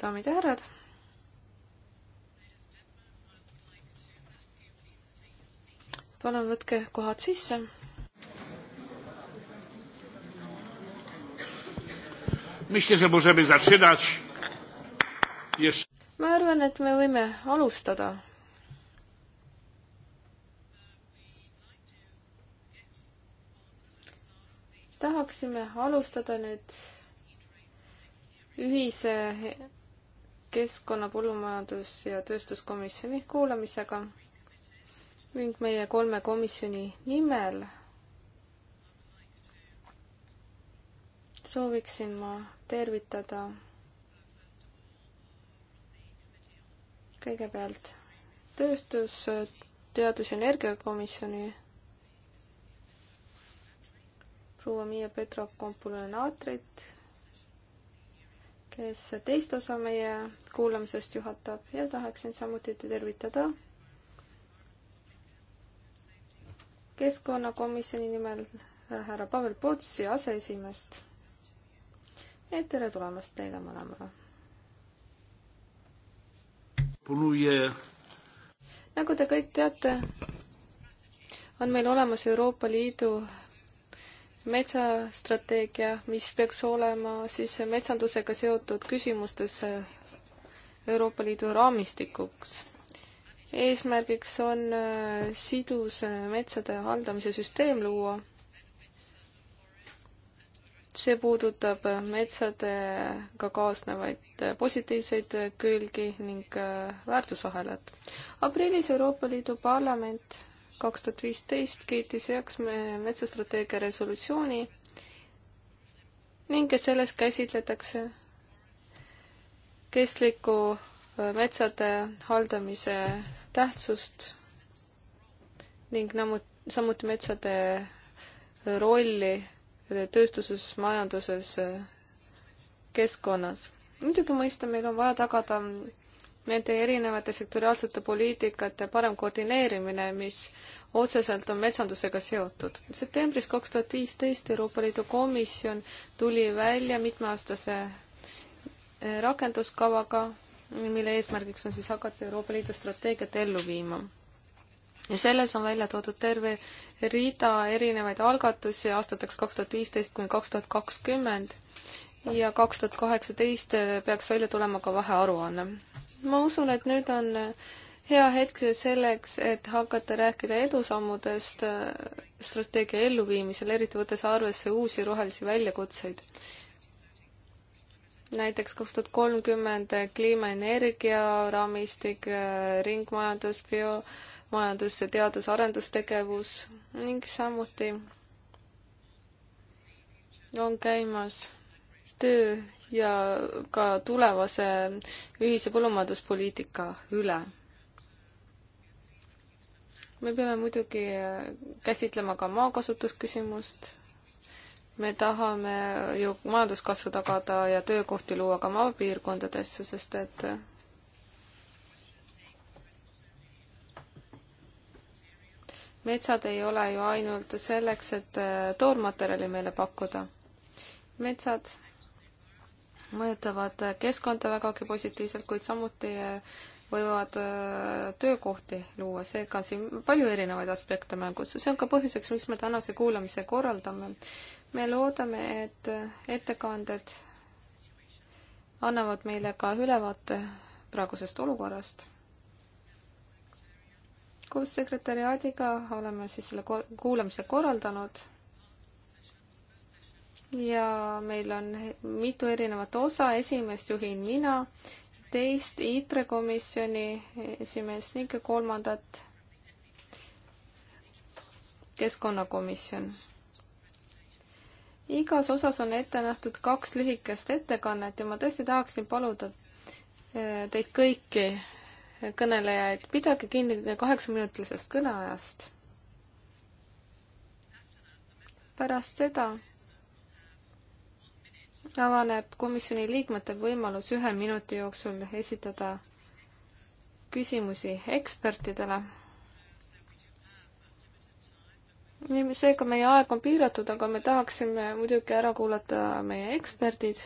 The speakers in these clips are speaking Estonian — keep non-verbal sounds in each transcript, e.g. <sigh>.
daamid ja härrad. palun võtke kohad sisse. ma arvan, et me võime alustada tahaksime alustada nüüd ühise keskkonna, põllumajandus- ja tööstuskomisjoni kuulamisega ning meie kolme komisjoni nimel sooviksin ma tervitada kõigepealt tööstus, teadus- ja energiakomisjoni proua Miia Petro Kompulenaatrit, kes teist osa meie kuulamisest juhatab ja tahaksin samuti tervitada keskkonnakomisjoni nimel äh, härra Pavel Potsi aseesimeest. et tere tulemast teile mõlemale. nagu te kõik teate, on meil olemas Euroopa Liidu metsastrateegia, mis peaks olema siis metsandusega seotud küsimustes Euroopa Liidu raamistikuks. eesmärgiks on äh, sidus äh, metsade haldamise süsteem luua. see puudutab äh, metsadega kaasnevaid positiivseid külgi ning väärtusahelat. aprillis Euroopa Liidu Parlament kaks tuhat viisteist kiitis heaks metsastrateegia resolutsiooni ning selles käsitletakse kestliku äh, metsade haldamise tähtsust ning samuti metsade äh, rolli äh, tööstuses, majanduses, keskkonnas. muidugi mõista, meil on vaja tagada mm, nende erinevate sektoriaalsete poliitikate parem koordineerimine, mis otseselt on metsandusega seotud. septembris kaks tuhat viisteist Euroopa Liidu komisjon tuli välja mitmeaastase eh, rakenduskavaga, mille eesmärgiks on siis hakata Euroopa Liidu strateegiat ellu viima. ja selles on välja toodud terve rida erinevaid algatusi aastateks kaks tuhat viisteist kuni kaks tuhat kakskümmend ja kaks tuhat kaheksateist peaks välja tulema ka vahearuanne ma usun, et nüüd on hea hetk selleks, et hakata rääkida edusammudest äh, strateegia elluviimisel, eriti võttes arvesse uusi rohelisi väljakutseid. näiteks kaks tuhat kolmkümmend kliimaenergia raamistik, äh, ringmajandus, biomajandus ja teadus-arendustegevus ning samuti on käimas töö ja ka tulevase ühise põllumajanduspoliitika üle. me peame muidugi käsitlema ka maakasutusküsimust. me tahame ju majanduskasvu tagada ja töökohti luua ka maapiirkondadesse, sest et metsad ei ole ju ainult selleks, et toormaterjali meile pakkuda. metsad mõjutavad keskkonda vägagi positiivselt, kuid samuti võivad äh, töökohti luua, seega on siin palju erinevaid aspekte mängus. see on ka põhjuseks, miks me tänase kuulamise korraldame. me loodame, et ettekanded annavad meile ka ülevaate praegusest olukorrast. koos sekretäriaadiga oleme siis selle kuulamise korraldanud ja meil on mitu erinevat osa, esimest juhin mina, teist ITRE komisjoni esimees ning kolmandat keskkonnakomisjon. igas osas on ette nähtud kaks lühikest ettekannet ja ma tõesti tahaksin paluda äh, teid kõiki kõnelejaid, pidage kinni kaheksaminutilisest kõneajast. pärast seda avaneb komisjoni liikmetel võimalus ühe minuti jooksul esitada küsimusi ekspertidele. seega meie aeg on piiratud, aga me tahaksime muidugi ära kuulata meie eksperdid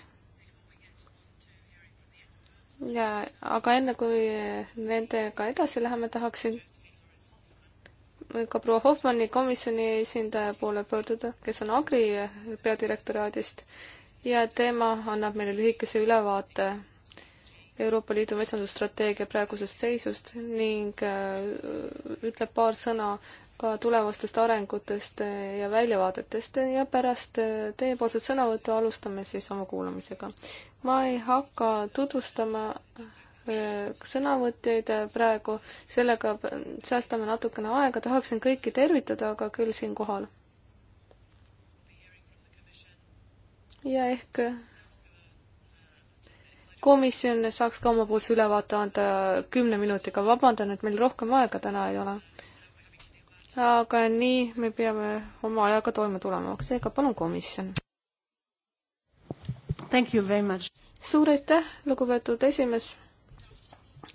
ja, aga enne kui nendega edasi läheme, tahaksin ka proua Hoffmanni komisjoni esindaja poole pöörduda, kes on Agri peadirektoraadist ja tema annab meile lühikese ülevaate Euroopa Liidu metsandusstrateegia praegusest seisust ning äh, ütleb paar sõna ka tulevastest arengutest äh, ja väljavaadetest ja pärast äh, teiepoolset sõnavõttu alustame siis oma kuulamisega. ma ei hakka tutvustama sõnavõtjaid praegu, sellega säästame natukene aega, tahaksin kõiki tervitada, aga küll siinkohal ja ehk komisjon saaks ka omapoolse ülevaate anda kümne minutiga. vabandan, et meil rohkem aega täna ei ole. aga nii me peame oma ajaga toime tulema, seega palun komisjon. suur aitäh, lugupeetud esimees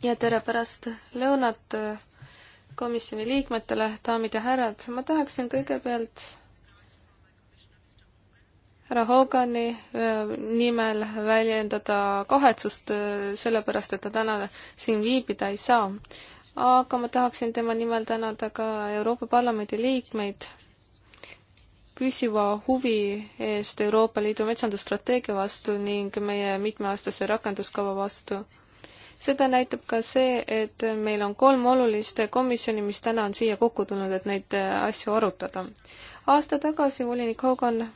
ja tere pärast lõunat äh, komisjoni liikmetele, daamid ja härrad. ma tahaksin kõigepealt härra Hogani äh, nimel väljendada kahetsust äh, sellepärast, et ta täna siin viibida ei saa. aga ma tahaksin tema nimel tänada ka Euroopa Parlamendi liikmeid püsiva huvi eest Euroopa Liidu metsandusstrateegia vastu ning meie mitmeaastase rakenduskava vastu. seda näitab ka see, et meil on kolm olulist komisjoni, mis täna on siia kokku tulnud, et neid asju arutada. aasta tagasi volinik Hogan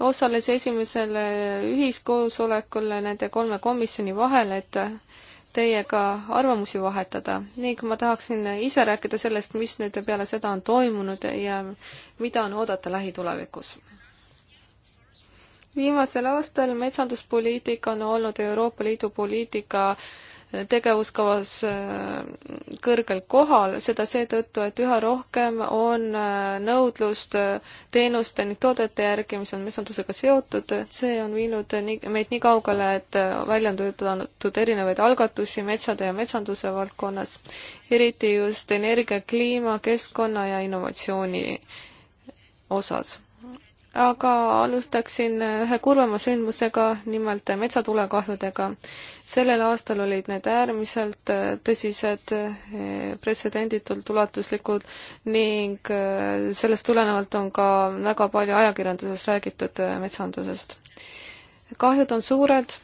osales esimesel ühiskoosolekul nende kolme komisjoni vahel, et teiega arvamusi vahetada ning ma tahaksin ise rääkida sellest, mis nüüd peale seda on toimunud ja mida on oodata lähitulevikus. viimasel aastal metsanduspoliitika on olnud Euroopa Liidu poliitika tegevuskavas äh, kõrgel kohal, seda seetõttu, et üha rohkem on äh, nõudlust äh, teenuste ning toodete järgi, mis on metsandusega seotud, see on viinud nii, meid nii kaugele, et välja on töötatud erinevaid algatusi metsade ja metsanduse valdkonnas, eriti just energia, kliima, keskkonna ja innovatsiooni osas aga alustaksin äh, ühe kurvema sündmusega, nimelt äh, metsatulekahjudega. sellel aastal olid need äärmiselt äh, tõsised, pretsedenditult ulatuslikud ning sellest tulenevalt on ka väga palju ajakirjanduses räägitud metsandusest. kahjud on suured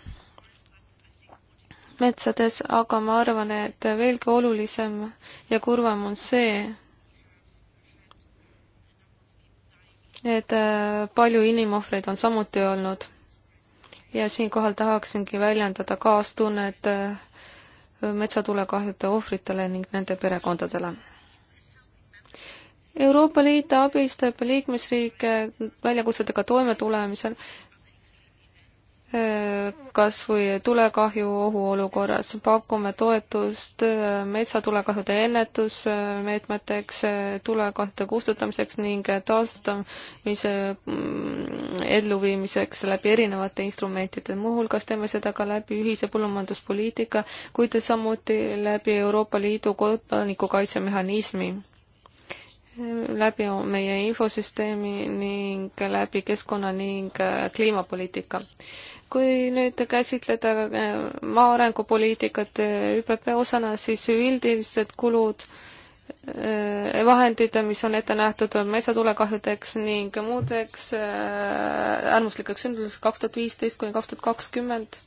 metsades, aga ma arvan, et veelgi olulisem ja kurvem on see, et äh, palju inimohvreid on samuti olnud. ja siinkohal tahaksingi väljendada kaastunnet äh, metsatulekahjude ohvritele ning nende perekondadele. Euroopa Liit abistab liikmesriike väljakutsetega toimetulemisel kas või tulekahju ohuolukorras. pakume toetust metsatulekahjude ennetusmeetmeteks, tulekahjude kustutamiseks ning taastamise mm, elluviimiseks läbi erinevate instrumentide. muuhulgas teeme seda ka läbi ühise põllumajanduspoliitika, kuid samuti läbi Euroopa Liidu kodanikukaitsemehhanismi läbi meie infosüsteemi ning läbi keskkonna ning kliimapoliitika kui nüüd käsitleda äh, maa arengupoliitikat äh, ÜPP osana, siis üldised kulud, äh, vahendid, mis on ette nähtud metsatulekahjudeks ning muudeks äärmuslikeks sündmuseks kaks tuhat viisteist kuni kaks tuhat kakskümmend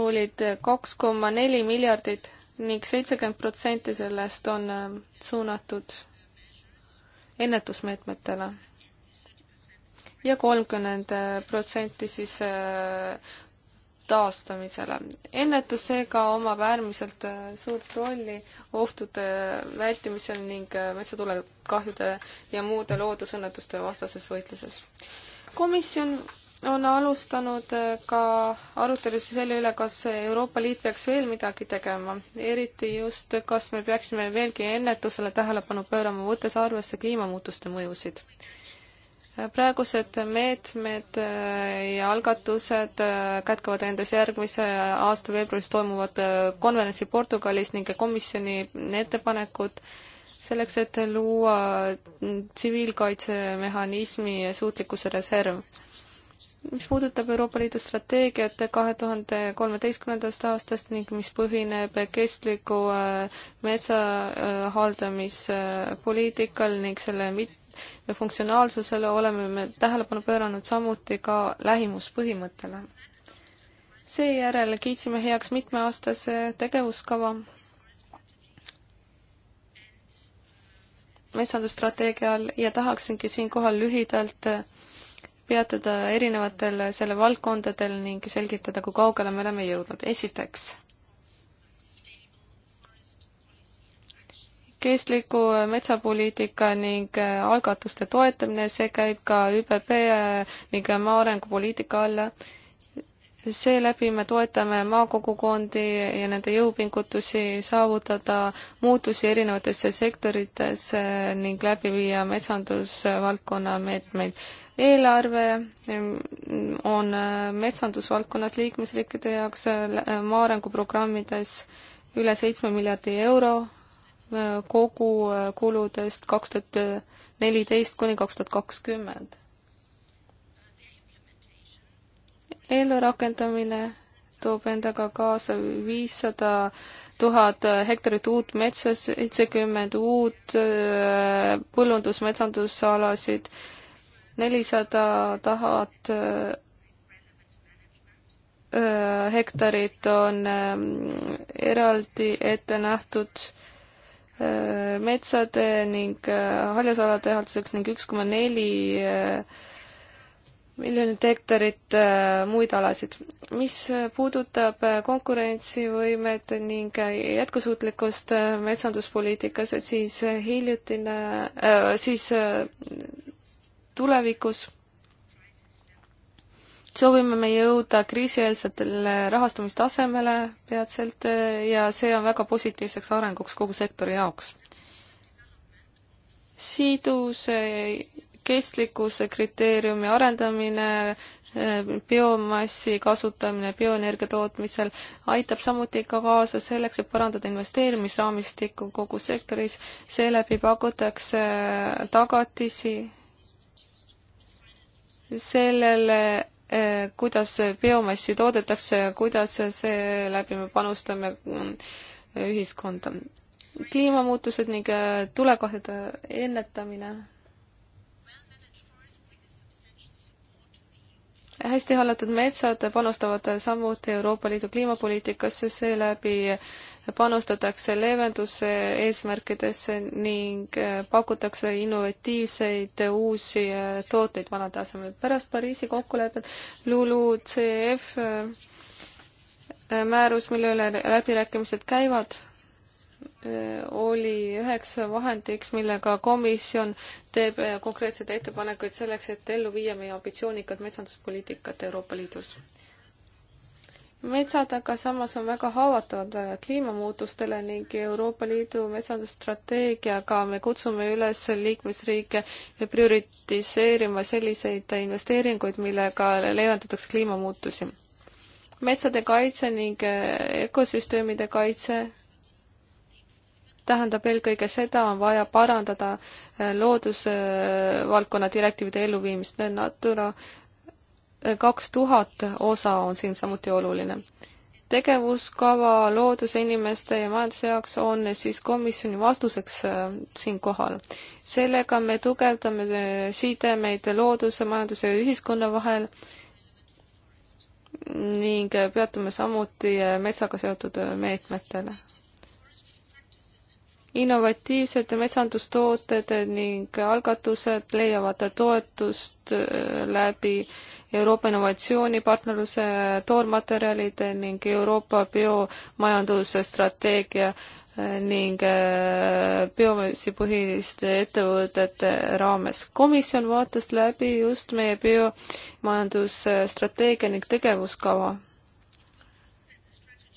olid kaks koma neli miljardit ning seitsekümmend protsenti sellest on suunatud ennetusmeetmetele ja kolmkümmend äh, protsenti siis äh, taastamisele. ennetus seega omab äärmiselt äh, suurt rolli ohtude vältimisel ning metsatulekahjude ja muude loodusõnnetuste vastases võitluses. komisjon on alustanud ka arutelusid selle üle, kas Euroopa Liit peaks veel midagi tegema, eriti just, kas me peaksime veelgi ennetusele tähelepanu pöörama, võttes arvesse kliimamuutuste mõjusid praegused meetmed äh, ja algatused äh, kätkevad endas järgmise äh, aasta veebruaris toimuvat konverentsi Portugalis ning komisjoni ettepanekud selleks, et luua tsiviilkaitsemehhanismi suutlikkuse reserv. mis puudutab Euroopa Liidu strateegiat kahe tuhande kolmeteistkümnendast aastast ning mis põhineb kestliku metsa haldamispoliitikal ning selle mit-, funktsionaalsusele oleme me tähelepanu pööranud samuti ka lähimuspõhimõttele. seejärel kiitsime heaks mitmeaastase tegevuskava metsandusstrateegia all ja tahaksingi siinkohal lühidalt peatuda erinevatel selle valdkondadel ning selgitada, kui kaugele me oleme jõudnud. esiteks kestliku metsapoliitika ning äh, algatuste toetamine, see käib ka ÜPP äh, ning maaarengupoliitika alla. seeläbi me toetame maakogukondi ja nende jõupingutusi saavutada muutusi erinevatesse sektoritesse ning läbi viia metsandusvaldkonna meetmeid. eelarve mm, on äh, metsandusvaldkonnas liikmesriikide jaoks maaarenguprogrammides üle seitsme miljardi euro kogukuludest äh, kaks tuhat neliteist kuni kaks tuhat kakskümmend. ellurakendamine toob endaga kaasa viissada tuhat hektarit uut metsa, seitsekümmend uut äh, põllundus-metsandusalasid, nelisada tuhat äh, hektarit on eraldi ette nähtud äh, Äh, metsade ning äh, haljasalade halduseks ning üks koma neli äh, miljonit hektarit muid alasid. mis puudutab konkurentsivõimet ning jätkusuutlikkust metsanduspoliitikas, siis hiljutine, siis tulevikus soovime me jõuda kriisieelsetele rahastamistasemele peatselt eh, ja see on väga positiivseks arenguks kogu sektori jaoks. siduse kestlikkuse kriteeriumi arendamine, eh, biomassi kasutamine bioenergia tootmisel aitab samuti ka kaasa selleks, et parandada investeerimisraamistikku kogu sektoris, seeläbi pakutakse eh, tagatisi sellele Äh, kuidas biomassi toodetakse ja kuidas seeläbi me panustame mm, ühiskonda. kliimamuutused ning äh, tulekahjude ennetamine. hästi hallatud metsad panustavad samuti Euroopa Liidu kliimapoliitikasse, seeläbi panustatakse leevenduse eesmärkidesse ning äh, pakutakse innovatiivseid uusi äh, tooteid vanade asemel. pärast Pariisi kokkulepet LULUCF äh, määrus, mille üle läbirääkimised käivad, oli üheks vahendiks, millega komisjon teeb konkreetseid ettepanekuid selleks, et ellu viia meie ambitsioonikat metsanduspoliitikat Euroopa Liidus metsad aga samas on väga haavatavad kliimamuutustele ning Euroopa Liidu metsandusstrateegiaga me kutsume üles liikmesriike prioritiseerima selliseid investeeringuid, millega leevendatakse kliimamuutusi. metsade kaitse ning ökosüsteemide kaitse tähendab eelkõige seda, on vaja parandada loodusvaldkonna direktiivide elluviimist, Natura kaks tuhat osa on siin samuti oluline. tegevuskava looduse, inimeste ja majanduse jaoks on siis komisjoni vastuseks äh, siinkohal. sellega me tugevdame äh, sidemeid looduse, majanduse ja ühiskonna vahel ning peatume samuti äh, metsaga seotud meetmetele innovatiivsed metsandustooted ning algatused leiavad toetust äh, läbi Euroopa innovatsioonipartnerluse toormaterjalide ning Euroopa biomajanduse strateegia äh, ning äh, biomajandusepõhiste ettevõtete raames. komisjon vaatas läbi just meie biomajandusstrateegia ning tegevuskava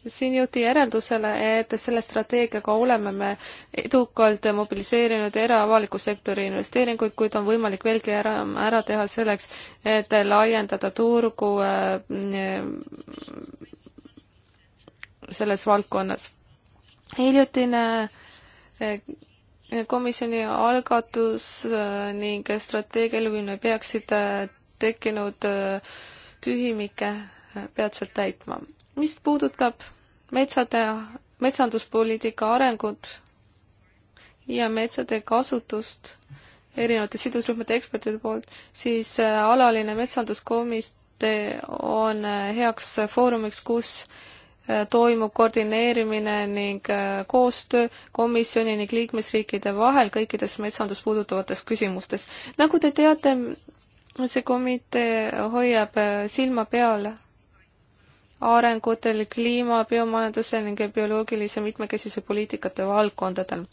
siin jõuti järeldusele, et selle strateegiaga oleme me edukalt mobiliseerinud era- avaliku sektori investeeringuid, kuid on võimalik veelgi ära, ära teha selleks, et laiendada turgu äh, selles valdkonnas. hiljutine äh, komisjoni algatus äh, ning strateegia elluviimine peaksid tekkinud tühimikke peatselt täitma. mis puudutab metsade, metsanduspoliitika arengut ja metsade kasutust erinevate sidusrühmade ekspertide poolt, siis äh, alaline metsanduskomitee on äh, heaks foorumiks, kus äh, toimub koordineerimine ning koostöö komisjoni ning liikmesriikide vahel kõikides metsandust puudutavates küsimustes. nagu te teate, see komitee hoiab silma peal arengutel kliima, biomajanduse ning bioloogilise mitmekesise poliitikate valdkondadel.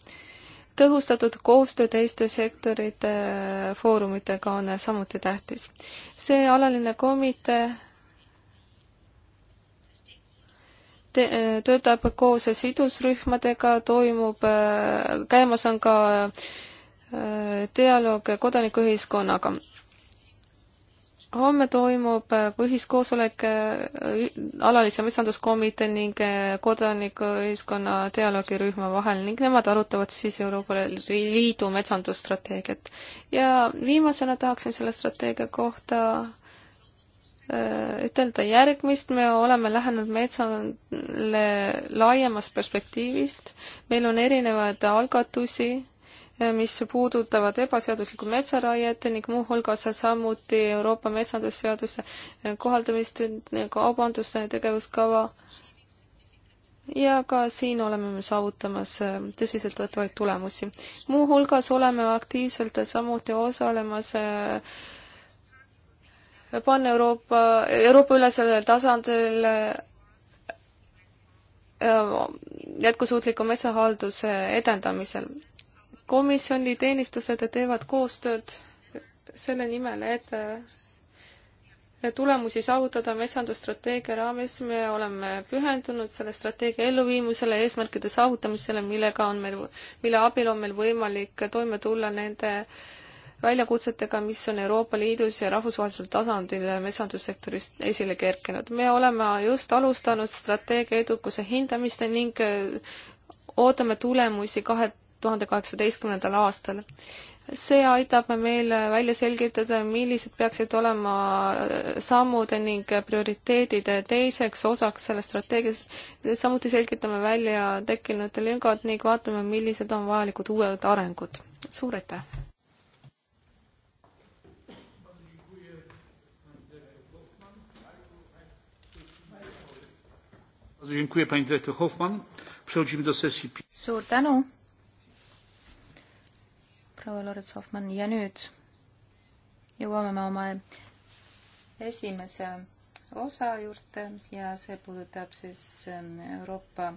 tõhustatud koostöö teiste sektorite äh, foorumitega on äh, samuti tähtis. see alaline komitee äh, töötab koos sidusrühmadega, toimub, käimas on ka dialoog kodanikuühiskonnaga homme toimub ühiskoosolek äh, äh, alalise metsanduskomitee ning äh, kodanikuühiskonna dialoogirühma vahel ning nemad arutavad siis Euroopa Liidu metsandusstrateegiat. ja viimasena tahaksin selle strateegia kohta ütelda järgmist, me oleme lähenenud metsale laiemast perspektiivist, meil on erinevaid algatusi Eh, mis puudutavad ebaseaduslikku metsaraiet ning muuhulgas samuti Euroopa metsandusseaduse eh, kohaldamist, eh, kaubanduse tegevuskava. ja ka siin oleme me saavutamas tõsiseltvõetavaid tulemusi. muuhulgas oleme aktiivselt samuti osalemas Pan-Euroopa, Euroopa-ülesel tasandil jätkusuutliku metsahalduse edendamisel komisjoni teenistused teevad koostööd selle nimel, et tulemusi saavutada metsandusstrateegia raames, me oleme pühendunud selle strateegia elluviimisele, eesmärkide saavutamisele, millega on meil, mille abil on meil võimalik toime tulla nende väljakutsetega, mis on Euroopa Liidus ja rahvusvahelisel tasandil metsandussektoris esile kerkinud. me oleme just alustanud strateegia edukuse hindamist ning ootame tulemusi kahe tuhande kaheksateistkümnendal aastal. see aitab meil välja selgitada, millised peaksid olema sammud ning prioriteedid teiseks osaks sellest strateegiast. samuti selgitame välja tekkinud lüngad ning vaatame, millised on vajalikud uued arengud. suur aitäh! Suur tänu! proua Loret Sohvman ja nüüd jõuame me oma esimese osa juurde ja see puudutab siis ähm, Euroopa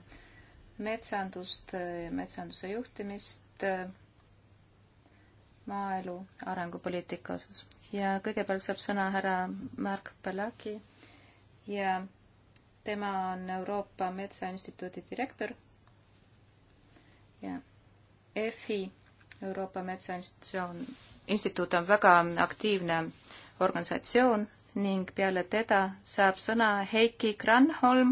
metsandust, äh, metsanduse juhtimist äh, maaelu arengupoliitika osas. ja kõigepealt saab sõna härra Mark Palaki ja tema on Euroopa Metsainstituudi direktor ja EFI Euroopa Metsainstitutsioon, instituut on väga aktiivne organisatsioon ning peale teda saab sõna Heiki Kranholm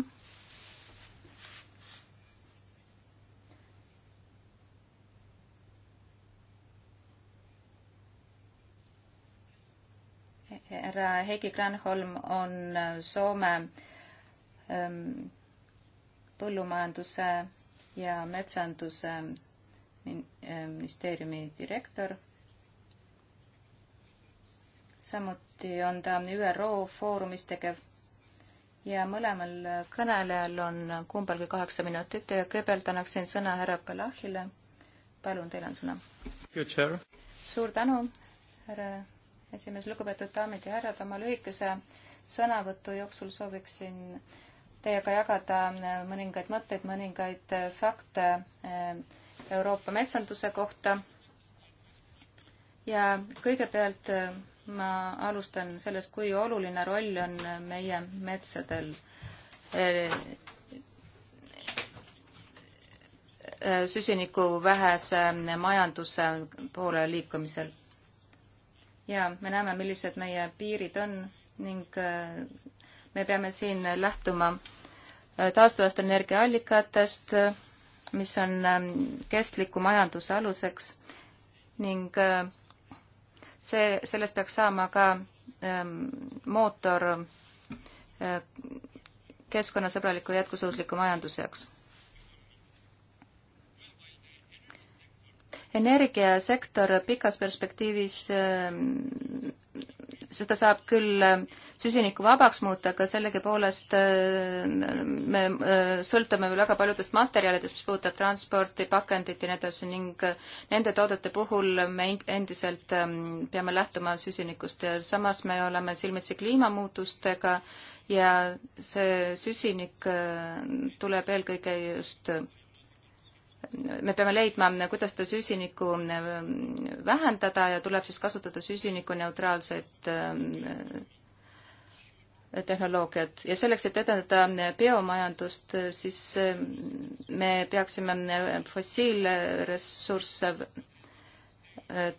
härra Heiki Kranholm on Soome ähm, põllumajanduse ja metsanduse Äh, ministeeriumi direktor. samuti on ta ÜRO Foorumis tegev ja mõlemal kõnelejal on kumbalgi kaheksa minutit ja kõigepealt annaksin sõna härra Palahile. palun, teil on sõna. suur tänu, härra esimees, lugupeetud daamid ja härrad, oma lühikese sõnavõtu jooksul sooviksin teiega jagada mõningaid mõtteid, mõningaid fakte äh, Euroopa metsanduse kohta. ja kõigepealt äh, ma alustan sellest, kui oluline roll on meie metsadel äh, äh, süsiniku vähese majanduse poole liikumisel. ja me näeme, millised meie piirid on ning me peame siin lähtuma taastuvast energiaallikatest, mis on ähm, kestliku majanduse aluseks ning äh, see, sellest peaks saama ka ähm, mootor äh, keskkonnasõbraliku jätkusuutliku majanduse jaoks. energiasektor pikas perspektiivis ähm, seda saab küll äh, süsinikku vabaks muuta, aga sellegipoolest äh, me äh, sõltume väga paljudest materjalidest, mis puudutab transporti, pakendit ja nii edasi ning nende toodete puhul me endiselt ähm, peame lähtuma süsinikust ja samas me oleme silmitsi kliimamuutustega ja see süsinik tuleb eelkõige just me peame leidma, kuidas seda süsinikku mm, vähendada ja tuleb siis kasutada süsinikuneutraalseid mm, tehnoloogiat ja selleks, et edendada mm, biomajandust, siis me peaksime fossiilressursse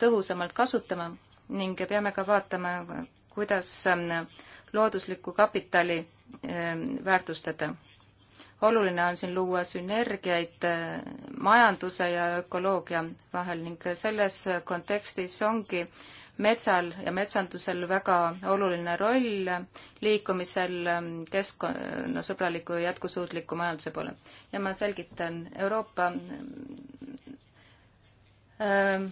tõhusamalt kasutama ning peame ka vaatama, kuidas looduslikku kapitali väärtustada oluline on siin luua sünergiaid äh, majanduse ja ökoloogia vahel ning selles kontekstis ongi metsal ja metsandusel väga oluline roll liikumisel ähm, keskkonnasõbraliku no, ja jätkusuutliku majanduse poole. ja ma selgitan, Euroopa ähm,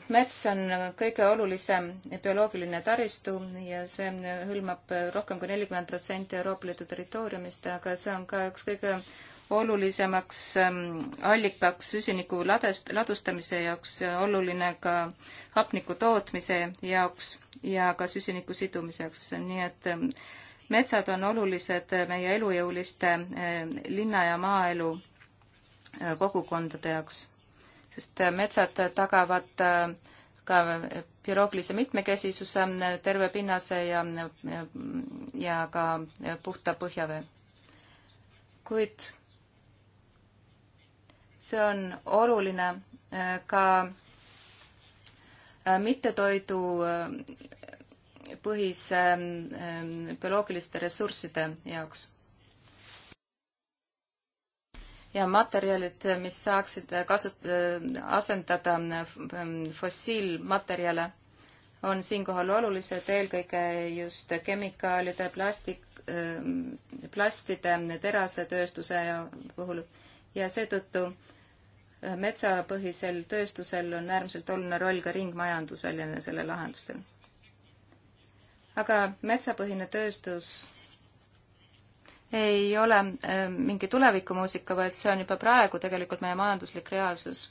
mets on kõige olulisem bioloogiline taristu ja see hõlmab rohkem kui nelikümmend protsenti Euroopa Liidu territooriumist, aga see on ka üks kõige olulisemaks ähm, allikaks süsiniku ladest, ladustamise jaoks, oluline ka hapniku tootmise jaoks ja ka süsiniku sidumise jaoks, nii et ähm, metsad on olulised äh, meie elujõuliste äh, linna- ja maaelu äh, kogukondade jaoks, sest metsad tagavad ka bioloogilise mitmekesisuse, terve pinnase ja, ja ka puhta põhjavee. kuid see on oluline äh, ka äh, mittetoidu äh, põhise ähm, ähm, bioloogiliste ressursside jaoks. ja materjalid, mis saaksid kasut-, asendada ähm, fossiilmaterjale, on siinkohal olulised eelkõige just kemikaalide, plastik, plastide, terasetööstuse puhul ja ja seetõttu äh, metsapõhisel tööstusel on äärmiselt oluline roll ka ringmajandusel ja selle lahendustel. aga metsapõhine tööstus ei ole äh, mingi tulevikumuusika, vaid see on juba praegu tegelikult meie majanduslik reaalsus.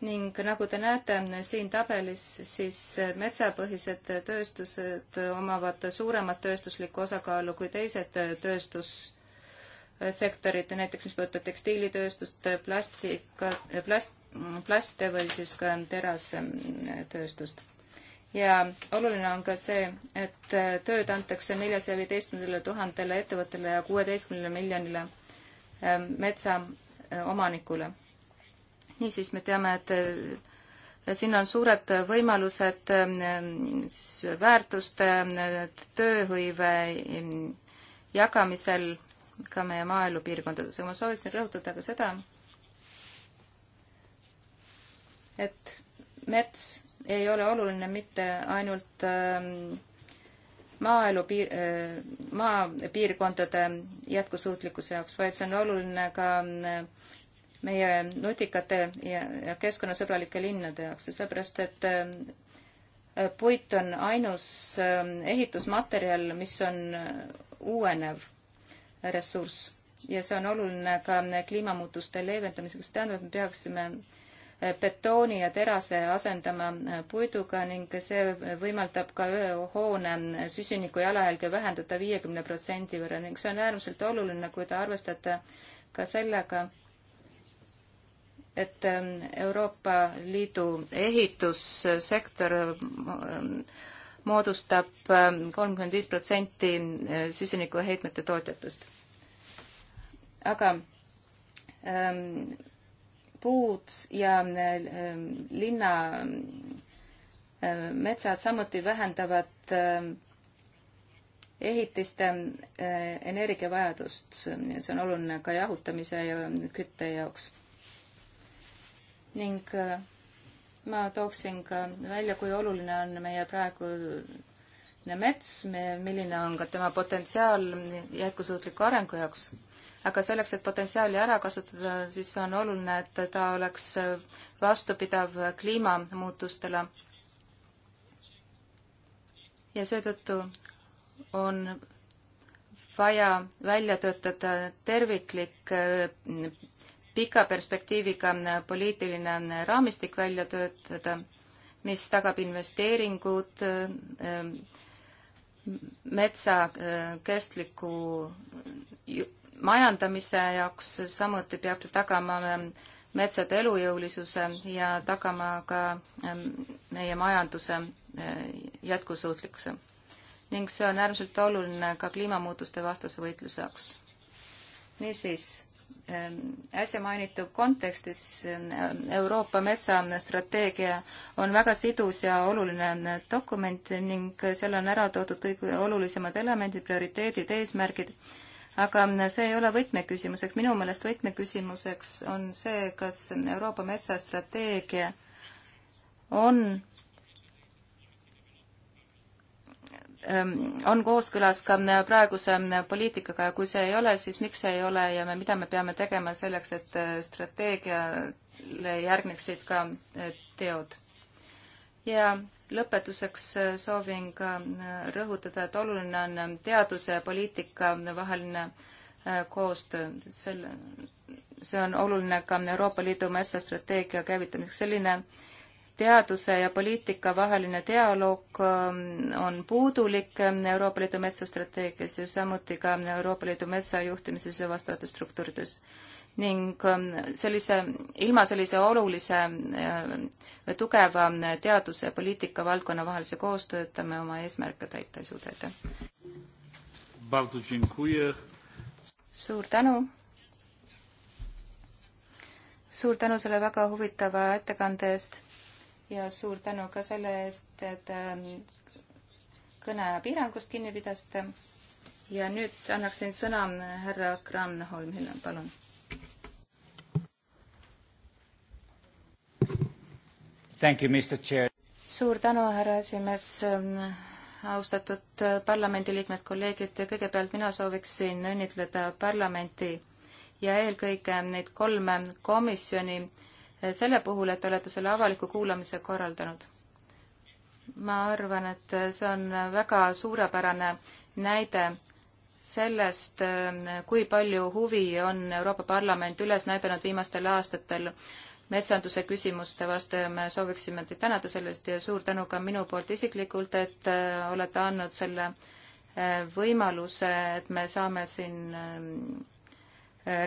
ning nagu te näete siin tabelis, siis äh, metsapõhised tööstused omavad suuremat tööstuslikku osakaalu kui teised tööstus- sektorit, näiteks mis puudutab tekstiilitööstust, plastika, plast, plaste või siis ka terastööstust. ja oluline on ka see, et tööd antakse neljasaja viieteistkümnendale tuhandele ettevõttele ja kuueteistkümnele miljonile ähm, metsaomanikule. Äh, niisiis, me teame, et äh, siin on suured võimalused ähm, siis väärtuste, äh, tööhõive ähm, jagamisel ka meie maaelupiirkondades, aga ma sooviksin rõhutada ka seda, et mets ei ole oluline mitte ainult ähm, maaelu piir, äh, maapiirkondade jätkusuutlikkuse jaoks, vaid see on oluline ka äh, meie nutikate ja, ja keskkonnasõbralike linnade jaoks, sellepärast et äh, puit on ainus ähm, ehitusmaterjal, mis on uuenev ressurss ja see on oluline ka kliimamuutuste leevendamiseks, tähendab, et me peaksime eh, betooni ja terase asendama eh, puiduga ning see võimaldab ka ühe hoone eh, süsiniku jalajälge vähendada viiekümne protsendi võrra ning see on äärmiselt oluline, kui te arvestate ka sellega, et Euroopa Liidu ehitussektor moodustab ähm, kolmkümmend viis protsenti äh, süsinikuheitmete tootjatest. aga ähm, puud ja äh, ähm, linna ähm, metsad samuti vähendavad ähm, ehitiste äh, energiavajadust, see on oluline ka jahutamise ja kütte jaoks. ning äh, ma tooksin ka välja, kui oluline on meie praegune mets, milline on ka tema potentsiaal jätkusuutliku arengu jaoks. aga selleks, et potentsiaali ära kasutada, siis on oluline, et ta oleks vastupidav kliimamuutustele. ja seetõttu on vaja välja töötada terviklik pika perspektiiviga poliitiline raamistik välja töötada, mis tagab investeeringud eh, metsa eh, kestliku majandamise jaoks, samuti peab ta tagama eh, metsade elujõulisuse ja tagama ka meie majanduse jätkusuutlikkuse. ning see on äärmiselt oluline ka kliimamuutuste vastase võitluse jaoks. niisiis Ähm, äsja mainitud kontekstis ähm, Euroopa metsastrateegia on väga sidus ja oluline ähm, dokument ning seal on ära toodud kõige olulisemad elemendid, prioriteedid, eesmärgid, aga see ei ole võtmeküsimuseks, minu meelest võtmeküsimuseks on see, kas Euroopa metsastrateegia on Ähm, on kooskõlas ka praeguse ähm, poliitikaga ja kui see ei ole, siis miks see ei ole ja me, mida me peame tegema selleks, et äh, strateegiale järgneksid ka äh, teod. ja lõpetuseks äh, soovin ka rõhutada, et oluline on ähm, teaduse ja poliitika vaheline koostöö, selle, see on oluline ka Euroopa Liidu metsastrateegia käivitamiseks, selline äh, teaduse ja poliitika vaheline dialoog ähm, on puudulik Euroopa Liidu metsastrateegias ja samuti ka Euroopa Liidu metsajuhtimises ja vastavates struktuurides. ning ähm, sellise, ilma sellise olulise äh, tugeva teaduse ja poliitika valdkonna vahelise koostööta me oma eesmärke täita ei suuda, aitäh! suur tänu! suur tänu selle väga huvitava ettekande eest ja suur tänu ka selle eest, et ähm, kõnepiirangust kinni pidasite. ja nüüd annaksin sõna härra Kranholmile, palun. suur tänu, härra esimees ähm, austatud äh, parlamendiliikmed, kolleegid, kõigepealt mina sooviksin õnnitleda parlamenti ja eelkõige neid kolme komisjoni, selle puhul, et te olete selle avaliku kuulamise korraldanud. ma arvan, et see on väga suurepärane näide sellest, kui palju huvi on Euroopa Parlament üles näidanud viimastel aastatel metsanduse küsimuste vastu ja me sooviksime teid tänada selle eest ja suur tänu ka minu poolt isiklikult, et äh, olete andnud selle äh, võimaluse, et me saame siin ähm,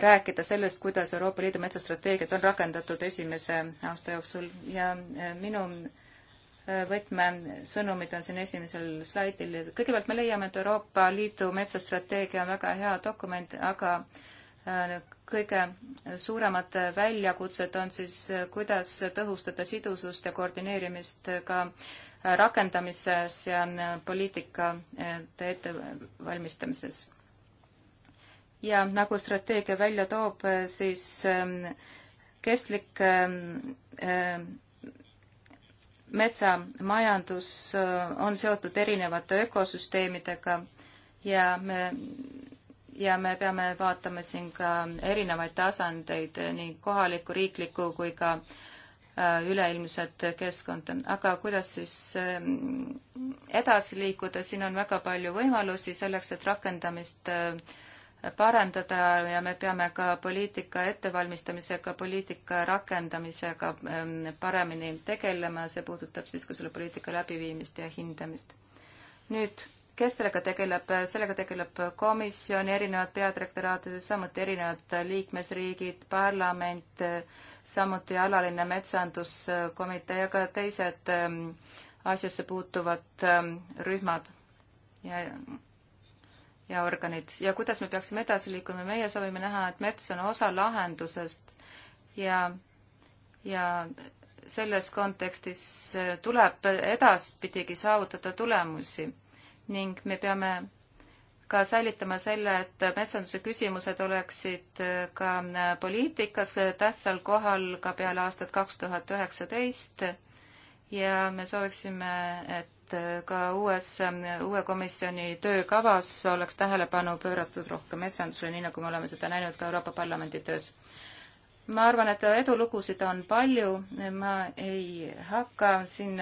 rääkida sellest, kuidas Euroopa Liidu metsastrateegiat on rakendatud esimese aasta jooksul ja eh, minu eh, võtmesõnumid on siin esimesel slaidil. kõigepealt me leiame, et Euroopa Liidu metsastrateegia on väga hea dokument, aga eh, kõige suuremad väljakutsed on siis, kuidas tõhustada sidusust ja koordineerimist ka rakendamises ja poliitikate ettevalmistamises ja nagu strateegia välja toob, eh, siis ehm, kestlik ehm, ehm, metsamajandus eh, on seotud erinevate ökosüsteemidega ja me, ja me peame vaatama siin ka erinevaid tasandeid, eh, nii kohalikku, riiklikku kui ka üleilmset keskkonda. aga kuidas siis edasi liikuda, siin on väga palju võimalusi selleks, et rakendamist äh, parandada ja me peame ka poliitika ettevalmistamisega, poliitika rakendamisega ähm, paremini tegelema, see puudutab siis ka selle poliitika läbiviimist ja hindamist. nüüd, kes sellega tegeleb, sellega tegeleb komisjon, erinevad peadirektoraad, samuti erinevad liikmesriigid, parlament, samuti alaline metsanduskomitee ja ka teised ähm, asjasse puutuvad ähm, rühmad ja ja organid ja kuidas me peaksime edasi liikuma, meie soovime näha, et mets on osa lahendusest ja, ja selles kontekstis tuleb edaspidigi saavutada tulemusi ning me peame ka säilitama selle, et metsanduse küsimused oleksid ka poliitikas tähtsal kohal ka peale aastat kaks tuhat üheksateist ja me sooviksime, et et äh, ka uues, äh, uue komisjoni töökavas oleks tähelepanu pööratud rohkem metsandusele, nii nagu me oleme seda näinud ka Euroopa Parlamendi töös. ma arvan, et edulugusid on palju, ma ei hakka siin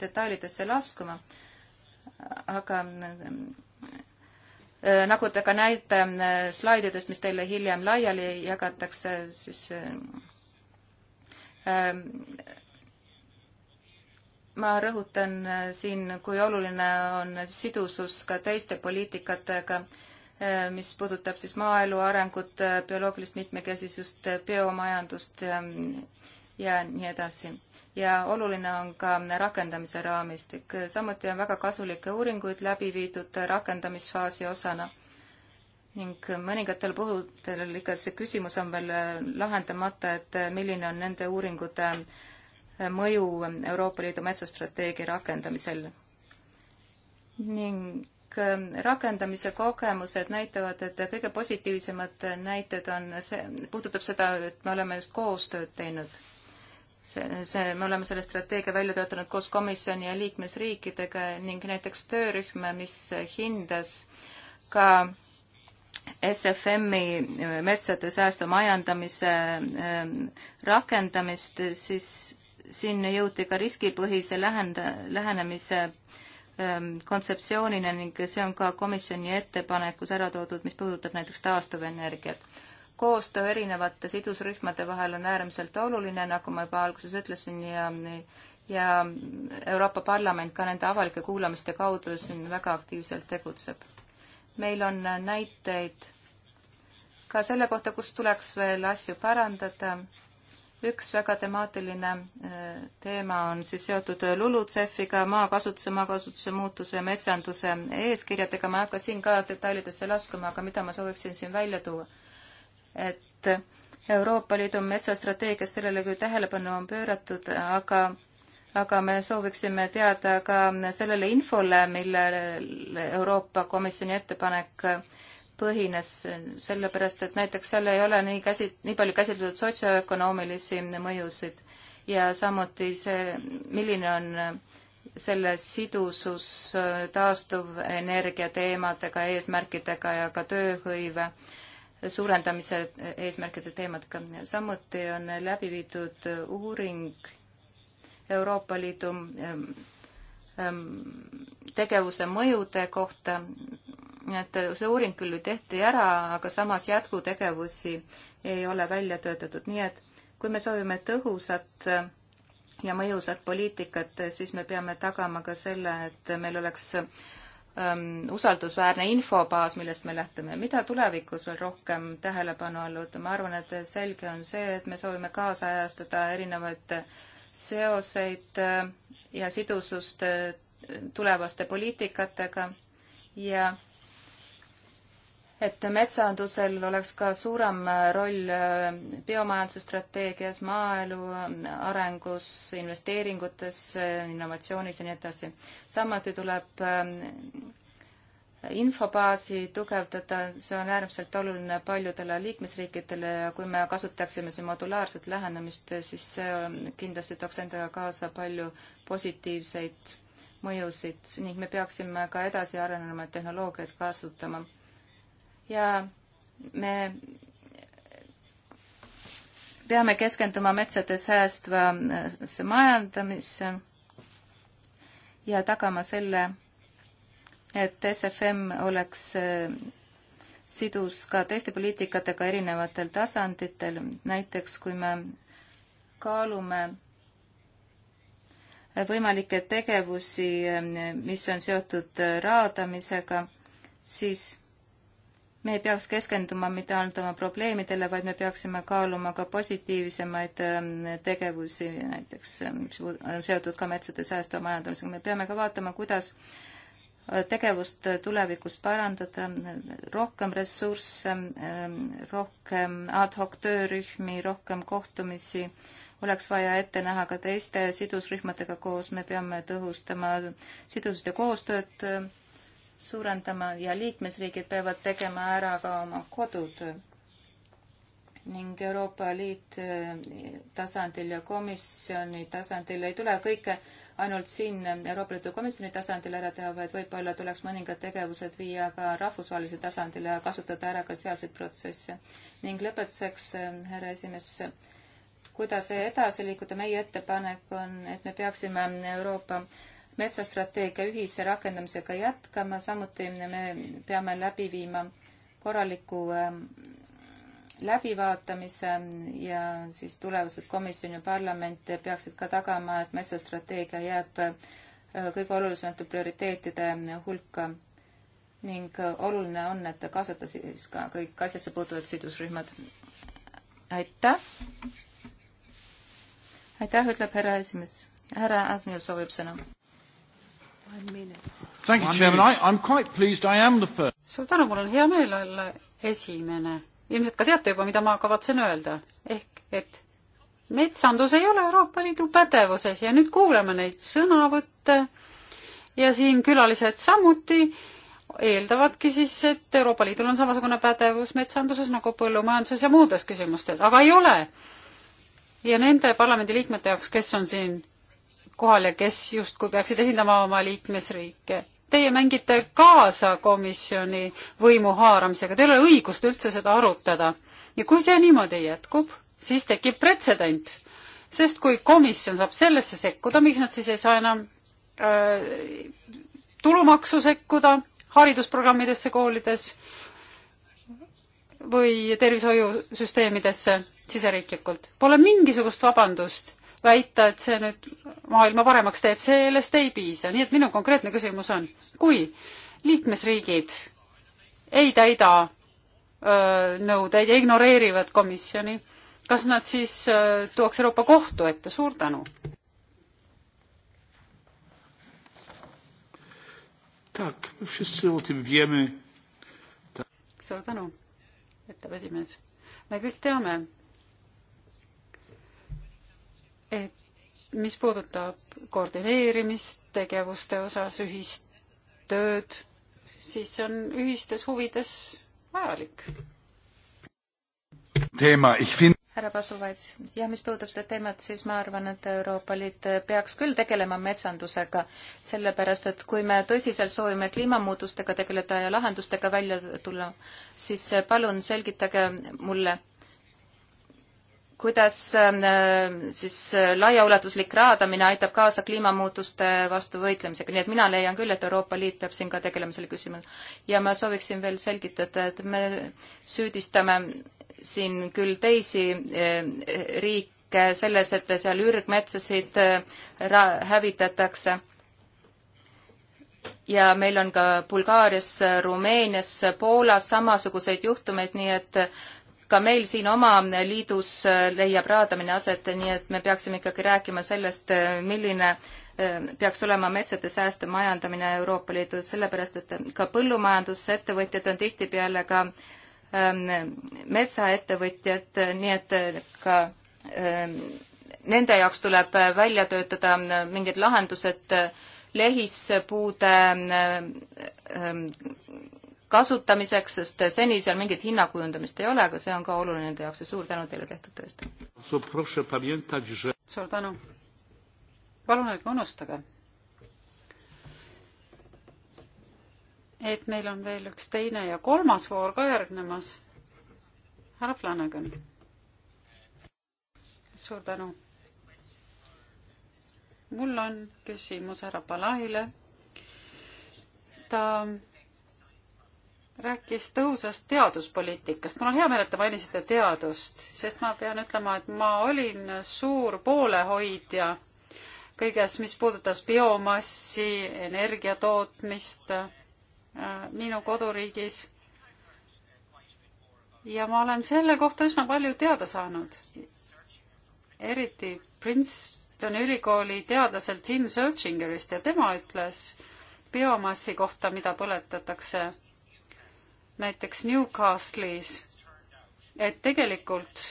detailidesse laskuma, aga äh, nagu te ka näite slaididest, mis teile hiljem laiali jagatakse, siis ma rõhutan äh, siin, kui oluline on sidusus ka teiste poliitikatega, äh, mis puudutab siis maaelu arengut, äh, bioloogilist mitmekesisust, biomajandust ja, ähm, ja nii edasi. ja oluline on ka rakendamise raamistik. samuti on väga kasulikke uuringuid läbi viidud rakendamisfaasi osana ning mõningatel puhudel ikka see küsimus on veel lahendamata, et milline on nende uuringute äh, mõju Euroopa Liidu metsastrateegia rakendamisel. ning ähm, rakendamise kogemused näitavad, et kõige positiivsemad näited on see, puudutab seda, et me oleme just koostööd teinud. see, see, me oleme selle strateegia välja töötanud koos komisjoni ja liikmesriikidega ning näiteks töörühm, mis hindas ka SFM-i äh, metsade säästu majandamise äh, rakendamist, siis siin jõuti ka riskipõhise lähenda, lähenemise ähm, kontseptsioonina ning see on ka komisjoni ettepanekus ära toodud, mis puudutab näiteks taastuvenergiat. koostöö erinevate sidusrühmade vahel on äärmiselt oluline, nagu ma juba alguses ütlesin ja ja Euroopa Parlament ka nende avalike kuulamiste kaudu siin väga aktiivselt tegutseb. meil on näiteid ka selle kohta, kus tuleks veel asju parandada üks väga temaatiline äh, teema on siis seotud LULUCF-iga, maakasutuse, maakasutuse muutuse ja metsanduse eeskirjadega. ma ei hakka siin ka detailidesse laskuma, aga mida ma sooviksin siin välja tuua, et Euroopa Liidu metsastrateegias sellele küll tähelepanu on pööratud, aga aga me sooviksime teada ka sellele infole, millele Euroopa Komisjoni ettepanek äh, põhines, sellepärast et näiteks seal ei ole nii käsi, nii palju käsitletud sotsioökonoomilisi mõjusid ja samuti see, milline on selle sidusus äh, taastuvenergia teemadega, eesmärkidega ja ka tööhõive suurendamise eesmärkide teemadega. samuti on läbi viidud uuring Euroopa Liidu ähm, ähm, tegevuse mõjude kohta et äh, see uuring küll tehti ära, aga samas jätkutegevusi ei ole välja töötatud, nii et kui me soovime tõhusat äh, ja mõjusat poliitikat, äh, siis me peame tagama ka selle, et meil oleks um, usaldusväärne infobaas, millest me lähtume. mida tulevikus veel rohkem tähelepanu all võtta, ma arvan, et selge on see, et me soovime kaasajastada erinevaid seoseid ja sidusust tulevaste poliitikatega ja et metsandusel oleks ka suurem roll äh, biomajanduse strateegias, maaelu äh, arengus, investeeringutes, äh, innovatsioonis ja nii edasi. samuti tuleb infobaasi tugevdada, see on äärmiselt oluline paljudele liikmesriikidele ja kui me kasutaksime siin modulaarset lähenemist, siis see kindlasti tooks endaga kaasa palju positiivseid mõjusid ning me peaksime ka edasi arenenud tehnoloogiaid kasutama ja me peame keskenduma metsade säästvasse majandamisse ja tagama selle, et SFM oleks äh, sidus ka teiste poliitikatega erinevatel tasanditel, näiteks kui me kaalume võimalikke tegevusi, äh, mis on seotud raadamisega, siis me ei peaks keskenduma mitte ainult oma probleemidele, vaid me peaksime kaaluma ka positiivsemaid ähm, tegevusi, näiteks ähm, mis on seotud ka metsade säästva majandamisega. me peame ka vaatama, kuidas äh, tegevust tulevikus parandada, rohkem ressursse, ähm, rohkem ad hoc töörühmi, rohkem kohtumisi oleks vaja ette näha ka teiste sidusrühmadega koos, me peame tõhustama sidusust ja koostööd äh, suurendama ja liikmesriigid peavad tegema ära ka oma kodutöö. ning Euroopa Liit eh, tasandil ja komisjoni tasandil ei tule kõike ainult siin Euroopa Liidu komisjoni tasandil ära teha, vaid võib-olla tuleks mõningad tegevused viia ka rahvusvahelise tasandile ja kasutada ära ka sealseid protsesse. ning lõpetuseks, eh, härra esimees, kuidas edasi liikuda, meie ettepanek on, et me peaksime Euroopa äh, metsastrateegia ühise rakendamisega jätkama, samuti me peame läbi viima korraliku ähm, läbivaatamise ja siis tulevased komisjon ja parlament peaksid ka tagama, et metsastrateegia jääb äh, kõige olulisemate prioriteetide hulka ning äh, oluline on, et kaasata siis ka kõik asjasse puutuvad sidusrühmad. aitäh! aitäh, ütleb härra esimees. härra Agnew soovib sõna suur tänu, mul on hea meel olla esimene. ilmselt ka teate juba, mida ma kavatsen öelda. ehk et metsandus ei ole Euroopa Liidu pädevuses ja nüüd kuuleme neid sõnavõtte ja siin külalised samuti eeldavadki siis, et Euroopa Liidul on samasugune pädevus metsanduses nagu põllumajanduses ja muudes küsimustes, aga ei ole. ja nende parlamendiliikmete jaoks, kes on siin kohal ja kes justkui peaksid esindama oma liikmesriike. Teie mängite kaasa komisjoni võimu haaramisega, teil ei ole õigust üldse seda arutada. ja kui see niimoodi jätkub, siis tekib pretsedent. sest kui komisjon saab sellesse sekkuda, miks nad siis ei saa enam äh, tulumaksu sekkuda haridusprogrammidesse koolides või tervishoiusüsteemidesse siseriiklikult. Pole mingisugust vabandust väita, et see nüüd maailma paremaks teeb, sellest ei piisa, nii et minu konkreetne küsimus on, kui liikmesriigid ei täida nõudeid ja ignoreerivad komisjoni, kas nad siis öö, tuuakse Euroopa Kohtu ette, suur tänu! Tak, my wszyscy o tym wiemy. Tak. Suur tänu, ütleb esimees. me kõik teame, et mis puudutab koordineerimist, tegevuste osas ühist tööd, siis see on ühistes huvides vajalik. teema, ich fin-. härra Pasuvats, jah, mis puudutab seda teemat, siis ma arvan, et Euroopa Liit peaks küll tegelema metsandusega, sellepärast et kui me tõsiselt soovime kliimamuutustega tegeleda ja lahendustega välja tulla, siis palun selgitage mulle kuidas ähm, äh, siis äh, laiaulatuslik raadamine aitab kaasa kliimamuutuste vastu võitlemisega, nii et mina leian küll, et Euroopa Liit peab siin ka tegelema selle küsimusega. ja ma sooviksin veel selgitada, et me süüdistame siin küll teisi äh, riike selles, et seal ürgmetsasid hävitatakse ja meil on ka Bulgaarias, Rumeenias, Poolas samasuguseid juhtumeid, nii et ka meil siin oma liidus äh, leiab raadamine aset, nii et me peaksime ikkagi rääkima sellest, äh, milline äh, peaks olema metsade sääste majandamine Euroopa Liidus, sellepärast et ka põllumajandusettevõtjad on tihtipeale ka ähm, metsaettevõtjad, nii et ka ähm, nende jaoks tuleb välja töötada mingid lahendused lehispuude kasutamiseks, sest seni seal mingit hinnakujundamist ei ole, aga see on ka oluline nende jaoks ja suur tänu teile tehtud tööst. suur tänu. palun ärge unustage, et meil on veel üks teine ja kolmas voor ka järgnemas. härra Flanagan. suur tänu. mul on küsimus härra Palahile. ta rääkis tõhusast teaduspoliitikast. mul on hea meel, et te mainisite teadust, sest ma pean ütlema, et ma olin suur poolehoidja kõiges, mis puudutas biomassi, energia tootmist äh, minu koduriigis. ja ma olen selle kohta üsna palju teada saanud. eriti Princetoni ülikooli teadlaselt Tim Searchingerist ja tema ütles biomassi kohta, mida põletatakse näiteks Newcastle'is, et tegelikult,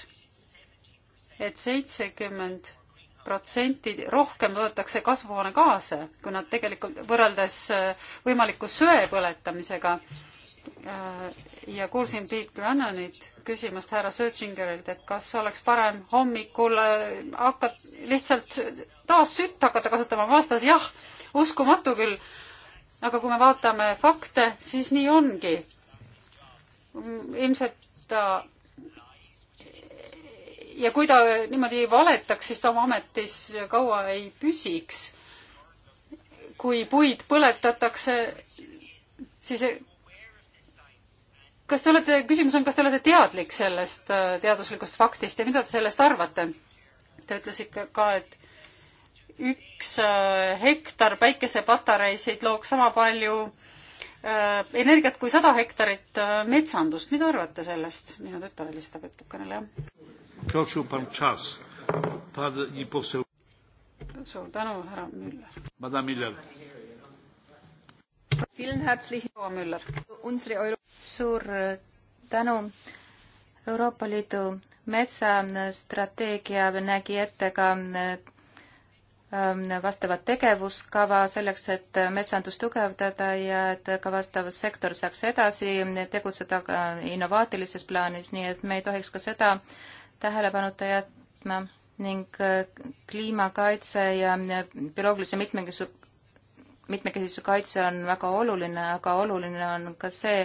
et seitsekümmend protsenti rohkem toodetakse kasvuhoonegaase, kui nad tegelikult võrreldes äh, võimaliku söe põletamisega. Äh, ja kuulsin Pete Glennonit küsimast härra Söötsingerilt, et kas oleks parem hommikul äh, hakat-, lihtsalt taas sütt hakata kasutama, vastas jah, uskumatu küll. aga kui me vaatame fakte, siis nii ongi ilmselt ta ja kui ta niimoodi valetaks, siis ta oma ametis kaua ei püsiks. kui puid põletatakse, siis kas te olete, küsimus on, kas te olete teadlik sellest äh, teaduslikust faktist ja mida te sellest arvate? Te ütlesite ka, et üks äh, hektar päikesepatareisid looks sama palju Äh, energiat kui sada hektarit äh, metsandust. mida arvate sellest? minu tütar helistab, ütleb kõneleja. suur tänu, härra Müller. Madam Müller. proua Müller. suur tänu. Euroopa Liidu metsastrateegia nägi ette ka äh, Ähm, vastavat tegevuskava selleks, et metsandust tugevdada ja et ka vastav sektor saaks edasi tegutseda ka innovaatilises plaanis, nii et me ei tohiks ka seda tähelepanuta jätma ning äh, kliimakaitse ja äh, bioloogilise mitmekesisuse mitmekesisuse kaitse on väga oluline, aga oluline on ka see,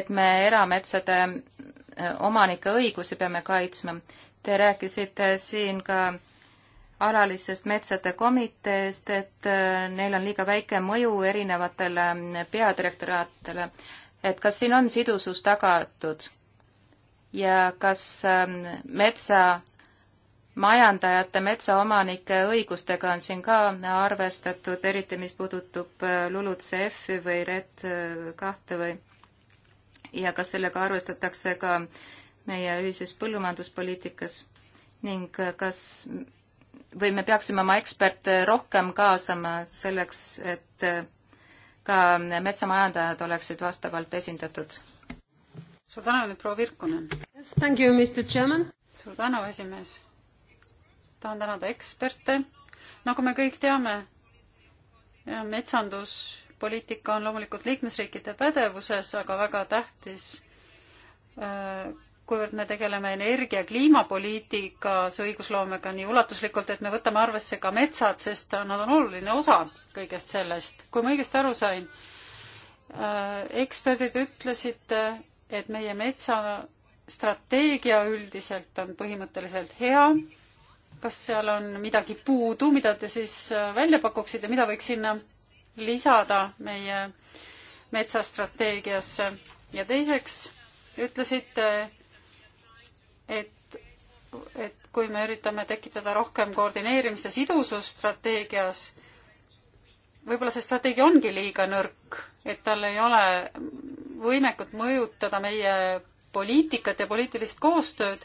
et me erametsade äh, omanike õigusi peame kaitsma. Te rääkisite siin ka äh, alalisest metsade komiteest, et äh, neil on liiga väike mõju erinevatele peadirektoraatidele, et kas siin on sidusus tagatud ja kas ähm, metsa majandajate, metsaomanike õigustega on siin ka arvestatud, eriti mis puudutab äh, LULUCF-i või RED äh, kahte või ja kas sellega arvestatakse ka meie ühises põllumajanduspoliitikas ning kas või me peaksime oma eksperte rohkem kaasama selleks, et äh, ka metsamajandajad oleksid vastavalt esindatud. suur tänu nüüd, proua Virkunen yes,! Thank you, Mr Chairman! suur tänu, esimees! tahan tänada eksperte, nagu me kõik teame, metsanduspoliitika on loomulikult liikmesriikide pädevuses, aga väga tähtis äh, kuivõrd me tegeleme energia- ja kliimapoliitikas õigusloomega nii ulatuslikult, et me võtame arvesse ka metsad, sest nad on oluline osa kõigest sellest. kui ma õigesti aru sain, äh, eksperdid ütlesid, et meie metsastrateegia üldiselt on põhimõtteliselt hea. kas seal on midagi puudu, mida te siis äh, välja pakuksite, mida võiks sinna lisada meie metsastrateegiasse? ja teiseks ütlesite, et, et kui me üritame tekitada rohkem koordineerimist ja sidusust strateegias, võib-olla see strateegia ongi liiga nõrk, et tal ei ole võimekut mõjutada meie poliitikat ja poliitilist koostööd.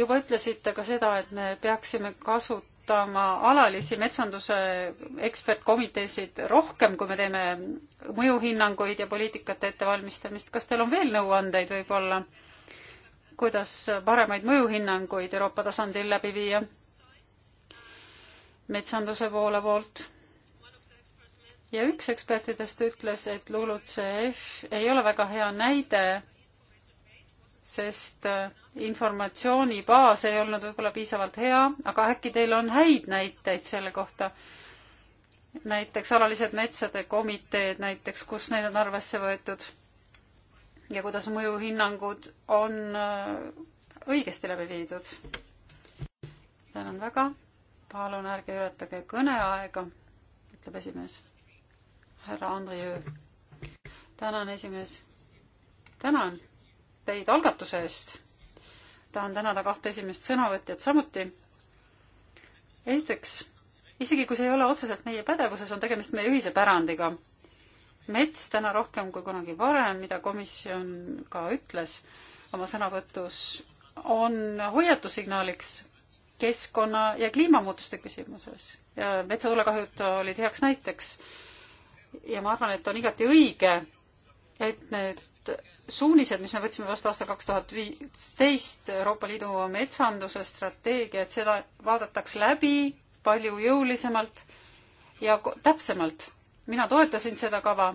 juba ütlesite ka seda, et me peaksime kasutama alalisi metsanduse ekspertkomiteesid rohkem, kui me teeme mõjuhinnanguid ja poliitikate ettevalmistamist. kas teil on veel nõuandeid võib-olla? kuidas paremaid mõjuhinnanguid Euroopa tasandil läbi viia metsanduse poole poolt. ja üks ekspertidest ütles, et LULUCF ei ole väga hea näide, sest informatsioonibaas ei olnud võib-olla piisavalt hea, aga äkki teil on häid näiteid selle kohta? näiteks alalised metsade komiteed näiteks, kus neid on arvesse võetud ja kuidas mõjuhinnangud on äh, õigesti läbi viidud. tänan väga. palun ärge ületage kõneaega, ütleb esimees. härra Andri Jõe. tänan, esimees. tänan teid algatuse eest. tahan tänada kahte esimest sõnavõtjat samuti. esiteks, isegi kui see ei ole otseselt meie pädevuses, on tegemist meie ühise pärandiga mets täna rohkem kui kunagi varem, mida komisjon ka ütles oma sõnavõtus, on hoiatussignaaliks keskkonna ja kliimamuutuste küsimuses ja metsatulekahjud olid heaks näiteks. ja ma arvan, et on igati õige, et need suunised, mis me võtsime vastu aastal kaks tuhat viisteist Euroopa Liidu metsanduse strateegia, et seda vaadataks läbi palju jõulisemalt ja täpsemalt mina toetasin seda kava,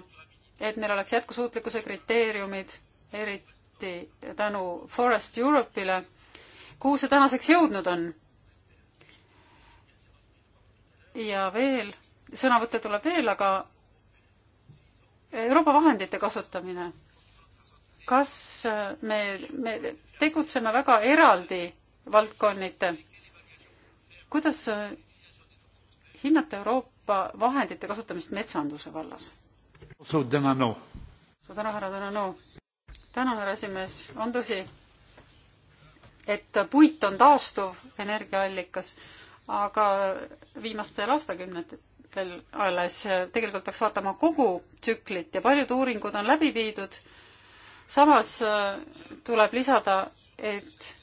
et meil oleks jätkusuutlikkuse kriteeriumid, eriti tänu Forest Europe'ile, kuhu see tänaseks jõudnud on. ja veel, sõnavõtte tuleb veel, aga Euroopa vahendite kasutamine. kas me, me tegutseme väga eraldi valdkonniti? kuidas hinnata Euroopa Euroopa vahendite kasutamist metsanduse vallas. suur tänu no.. suur tänu, härra Tõnu. tänan, härra esimees, on tõsi, et puit on taastuv energiaallikas, aga viimastel aastakümnetel alles tegelikult peaks vaatama kogu tsüklit ja paljud uuringud on läbi viidud. samas äh, tuleb lisada, et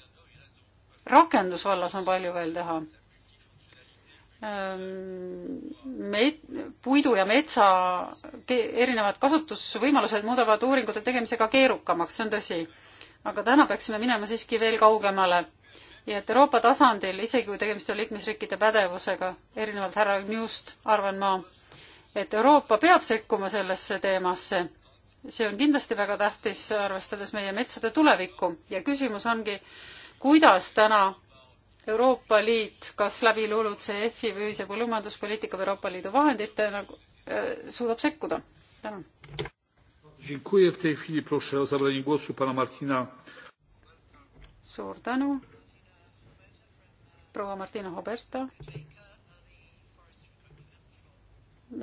rakendusvallas on palju veel teha Ähm, met-, puidu ja metsa erinevad kasutusvõimalused muudavad uuringute tegemise ka keerukamaks, see on tõsi. aga täna peaksime minema siiski veel kaugemale. nii et Euroopa tasandil, isegi kui tegemist on liikmesriikide pädevusega, erinevalt härra Newst, arvan ma, et Euroopa peab sekkuma sellesse teemasse. see on kindlasti väga tähtis, arvestades meie metsade tulevikku ja küsimus ongi, kuidas täna Euroopa Liit kas läbi LULUCF-i või ühise põllumajanduspoliitika või Euroopa Liidu vahendite nagu, äh, suudab sekkuda. tänan. suur tänu. proua Martina Roberta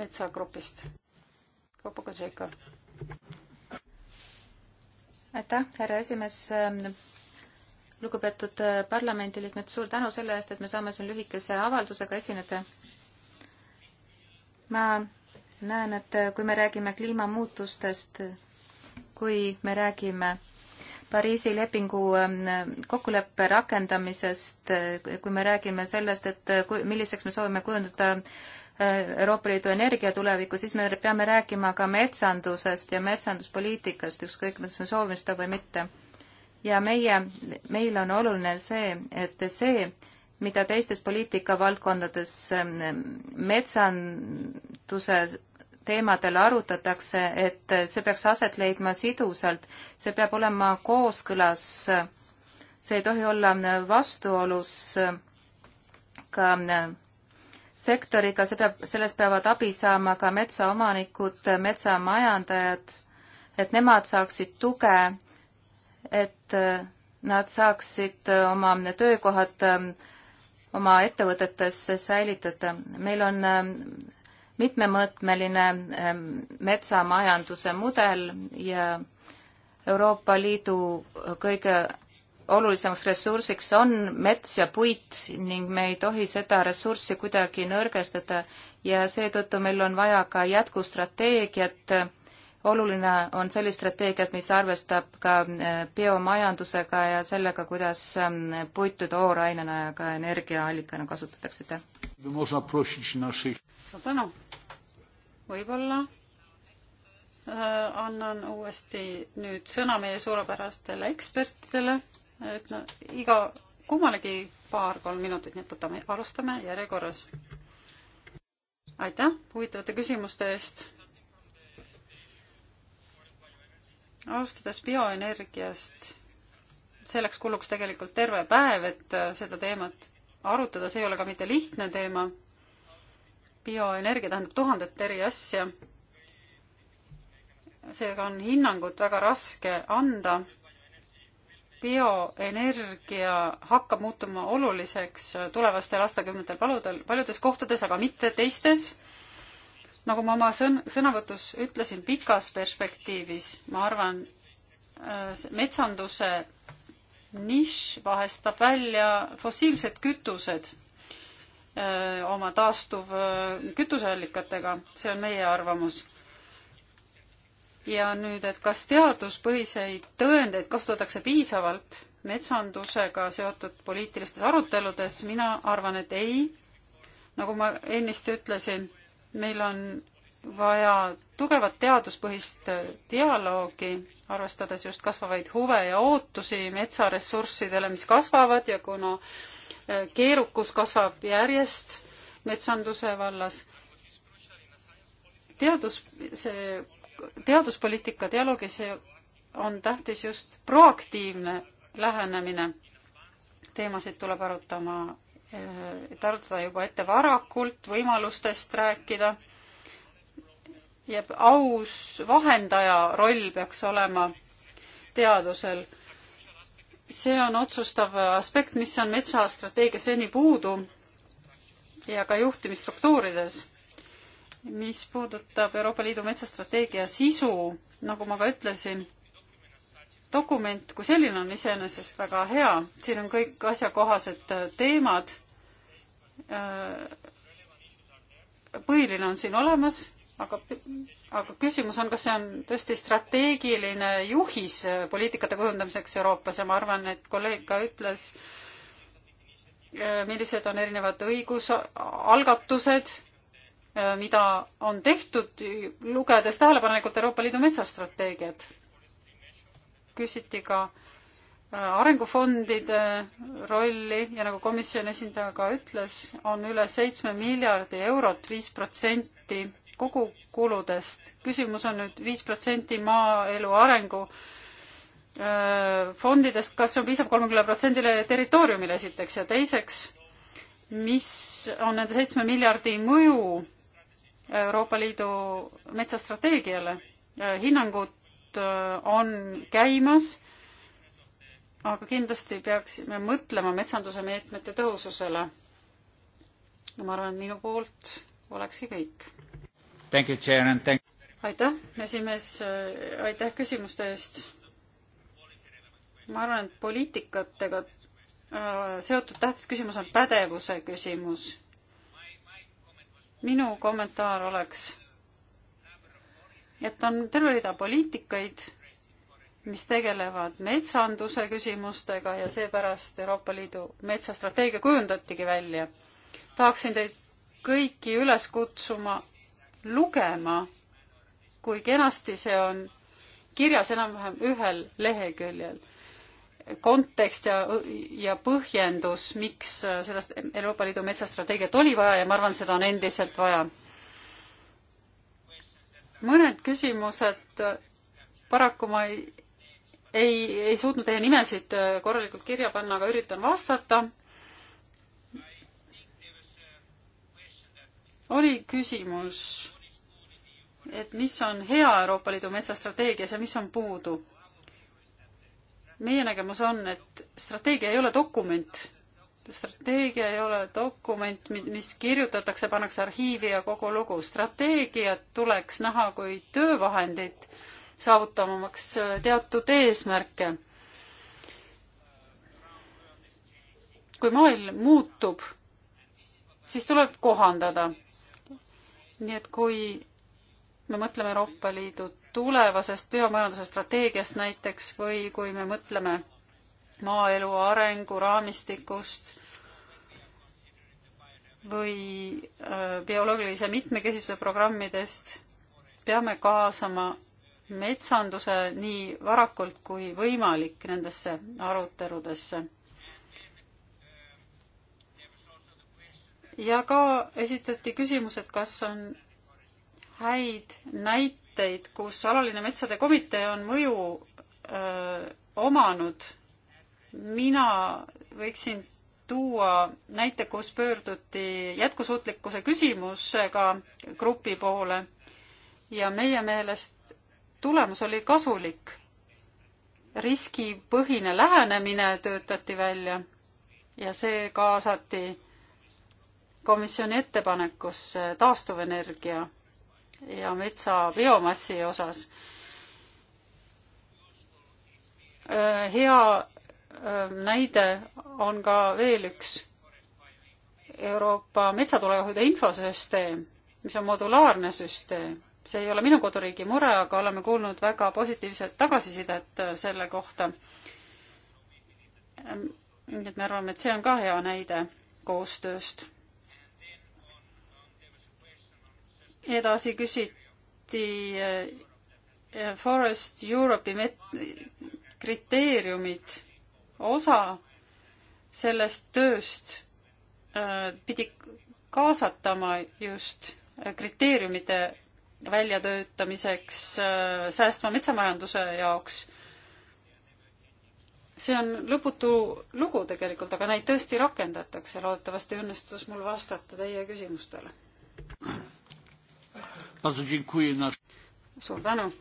metsagrupist. aitäh, härra esimees lugupeetud äh, parlamendiliikmed, suur tänu selle eest, et me saame siin lühikese avaldusega esineda. ma näen, et äh, kui me räägime kliimamuutustest, kui me räägime Pariisi lepingu ähm, kokkuleppe rakendamisest, äh, kui me räägime sellest, et kui, milliseks me soovime kujundada Euroopa Liidu energia tulevikku, siis me peame rääkima ka metsandusest ja metsanduspoliitikast, ükskõik, kas me soovime seda või mitte ja meie, meil on oluline see, et see, mida teistes poliitikavaldkondades ähm, metsanduse teemadel arutatakse, et see peaks aset leidma sidusalt, see peab olema kooskõlas, see ei tohi olla vastuolus äh, ka äh, sektoriga, see peab, sellest peavad abi saama ka metsaomanikud, metsamajandajad, et nemad saaksid tuge et äh, nad saaksid äh, oma töökohad äh, oma ettevõtetes säilitada. meil on mitmemõõtmeline ähm, metsamajanduse mudel ja Euroopa Liidu kõige olulisemaks ressursiks on mets ja puit ning me ei tohi seda ressurssi kuidagi nõrgestada ja seetõttu meil on vaja ka jätkustrateegiat oluline on sellist strateegiat, mis arvestab ka äh, biomajandusega ja sellega, kuidas ähm, puitu toorainena ja ka energiaallikana kasutatakse, aitäh! suur tänu! võib-olla äh, annan uuesti nüüd sõna meie suurepärastele ekspertidele, et no iga, kummalegi paar-kolm minutit, nii et võtame, alustame järjekorras. aitäh huvitavate küsimuste eest alustades bioenergiast, selleks kuluks tegelikult terve päev, et äh, seda teemat arutada, see ei ole ka mitte lihtne teema. bioenergia tähendab tuhandet eri asja. seega on hinnangut väga raske anda. bioenergia hakkab muutuma oluliseks äh, tulevastel aastakümnetel paludel, paljudes kohtades, aga mitte teistes nagu ma oma sõn-, sõnavõtus ütlesin, pikas perspektiivis ma arvan, äh, metsanduse nišš vahestab välja fossiilsed kütused öö, äh, oma taastuv äh, kütuseallikatega, see on meie arvamus. ja nüüd, et kas teaduspõhiseid tõendeid kasutatakse piisavalt metsandusega seotud poliitilistes aruteludes, mina arvan, et ei. nagu ma ennist ütlesin meil on vaja tugevat teaduspõhist dialoogi, arvestades just kasvavaid huve ja ootusi metsaressurssidele, mis kasvavad ja kuna äh, keerukus kasvab järjest metsanduse vallas, teadus, see teaduspoliitika dialoogis on tähtis just proaktiivne lähenemine. teemasid tuleb arutama et arutada juba ette varakult, võimalustest rääkida. ja aus vahendaja roll peaks olema teadusel. see on otsustav aspekt, mis on metsastrateegia seni puudu ja ka juhtimisstruktuurides. mis puudutab Euroopa Liidu metsastrateegia sisu, nagu ma ka ütlesin dokument kui selline on iseenesest väga hea, siin on kõik asjakohased äh, teemad. Äh, põhiline on siin olemas, aga, aga küsimus on, kas see on tõesti strateegiline juhis äh, poliitikate kujundamiseks Euroopas ja ma arvan, et kolleeg ka ütles, millised on erinevad õigusalgatused, mida on tehtud, lugedes tähelepanelikult Euroopa Liidu metsastrateegiat küsiti ka äh, arengufondide rolli ja nagu komisjoni esindaja ka ütles, on üle seitsme miljardi eurot, viis protsenti kogukuludest. küsimus on nüüd viis protsenti maaelu arengu äh, fondidest, kas see on piisav kolmekümne protsendile territooriumile esiteks ja teiseks, mis on nende seitsme miljardi mõju Euroopa Liidu metsastrateegiale? Äh, hinnangud Äh, on käimas, aga kindlasti peaksime mõtlema metsanduse meetmete tõhususele. ja ma arvan, et minu poolt olekski kõik. aitäh, esimees, äh, aitäh küsimuste eest. ma arvan, et poliitikatega äh, seotud tähtis küsimus on pädevuse küsimus. minu kommentaar oleks et on terve rida poliitikaid, mis tegelevad metsanduse küsimustega ja seepärast Euroopa Liidu metsastrateegia kujundatigi välja. tahaksin teid kõiki üles kutsuma lugema, kui kenasti see on kirjas enam-vähem ühel leheküljel. kontekst ja, ja põhjendus, miks seda Euroopa Liidu metsastrateegiat oli vaja ja ma arvan, seda on endiselt vaja mõned küsimused, paraku ma ei, ei, ei suutnud teie nimesid äh, korralikult kirja panna, aga üritan vastata. oli küsimus, et mis on hea Euroopa Liidu metsastrateegias ja mis on puudu meie nägemus on, et strateegia ei ole dokument, strateegia ei ole dokument, mis kirjutatakse, pannakse arhiivi ja kogu lugu. strateegiat tuleks näha kui töövahendit, saavutamaks äh, teatud eesmärke. kui maailm muutub, siis tuleb kohandada. nii et kui me mõtleme Euroopa Liidu tulevasest biomajanduse strateegiast näiteks või kui me mõtleme maaelu arenguraamistikust või äh, bioloogilise mitmekesisuse programmidest peame kaasama metsanduse nii varakult kui võimalik nendesse aruteludesse. ja ka esitati küsimus, et kas on häid näiteid, kus alaline metsade komitee on mõju öö, äh, omanud mina võiksin tuua näite, kus pöörduti jätkusuutlikkuse küsimusega grupi poole ja meie meelest tulemus oli kasulik. riskipõhine lähenemine töötati välja ja see kaasati komisjoni ettepanekusse taastuvenergia ja metsa biomassi osas. Äh, hea Äh, näide on ka veel üks Euroopa metsatulehoide infosüsteem, mis on modulaarne süsteem. see ei ole minu koduriigi mure, aga oleme kuulnud väga positiivset tagasisidet äh, selle kohta. Ähm, nii et me arvame, et see on ka hea näide koostööst. edasi küsiti äh, Forest Europe'i met-, kriteeriumid osa sellest tööst äh, pidi kaasatama just äh, kriteeriumide väljatöötamiseks äh, säästva metsamajanduse jaoks. see on lõputu lugu tegelikult, aga neid tõesti rakendatakse. loodetavasti õnnestus mul vastata teie küsimustele. suur tänu!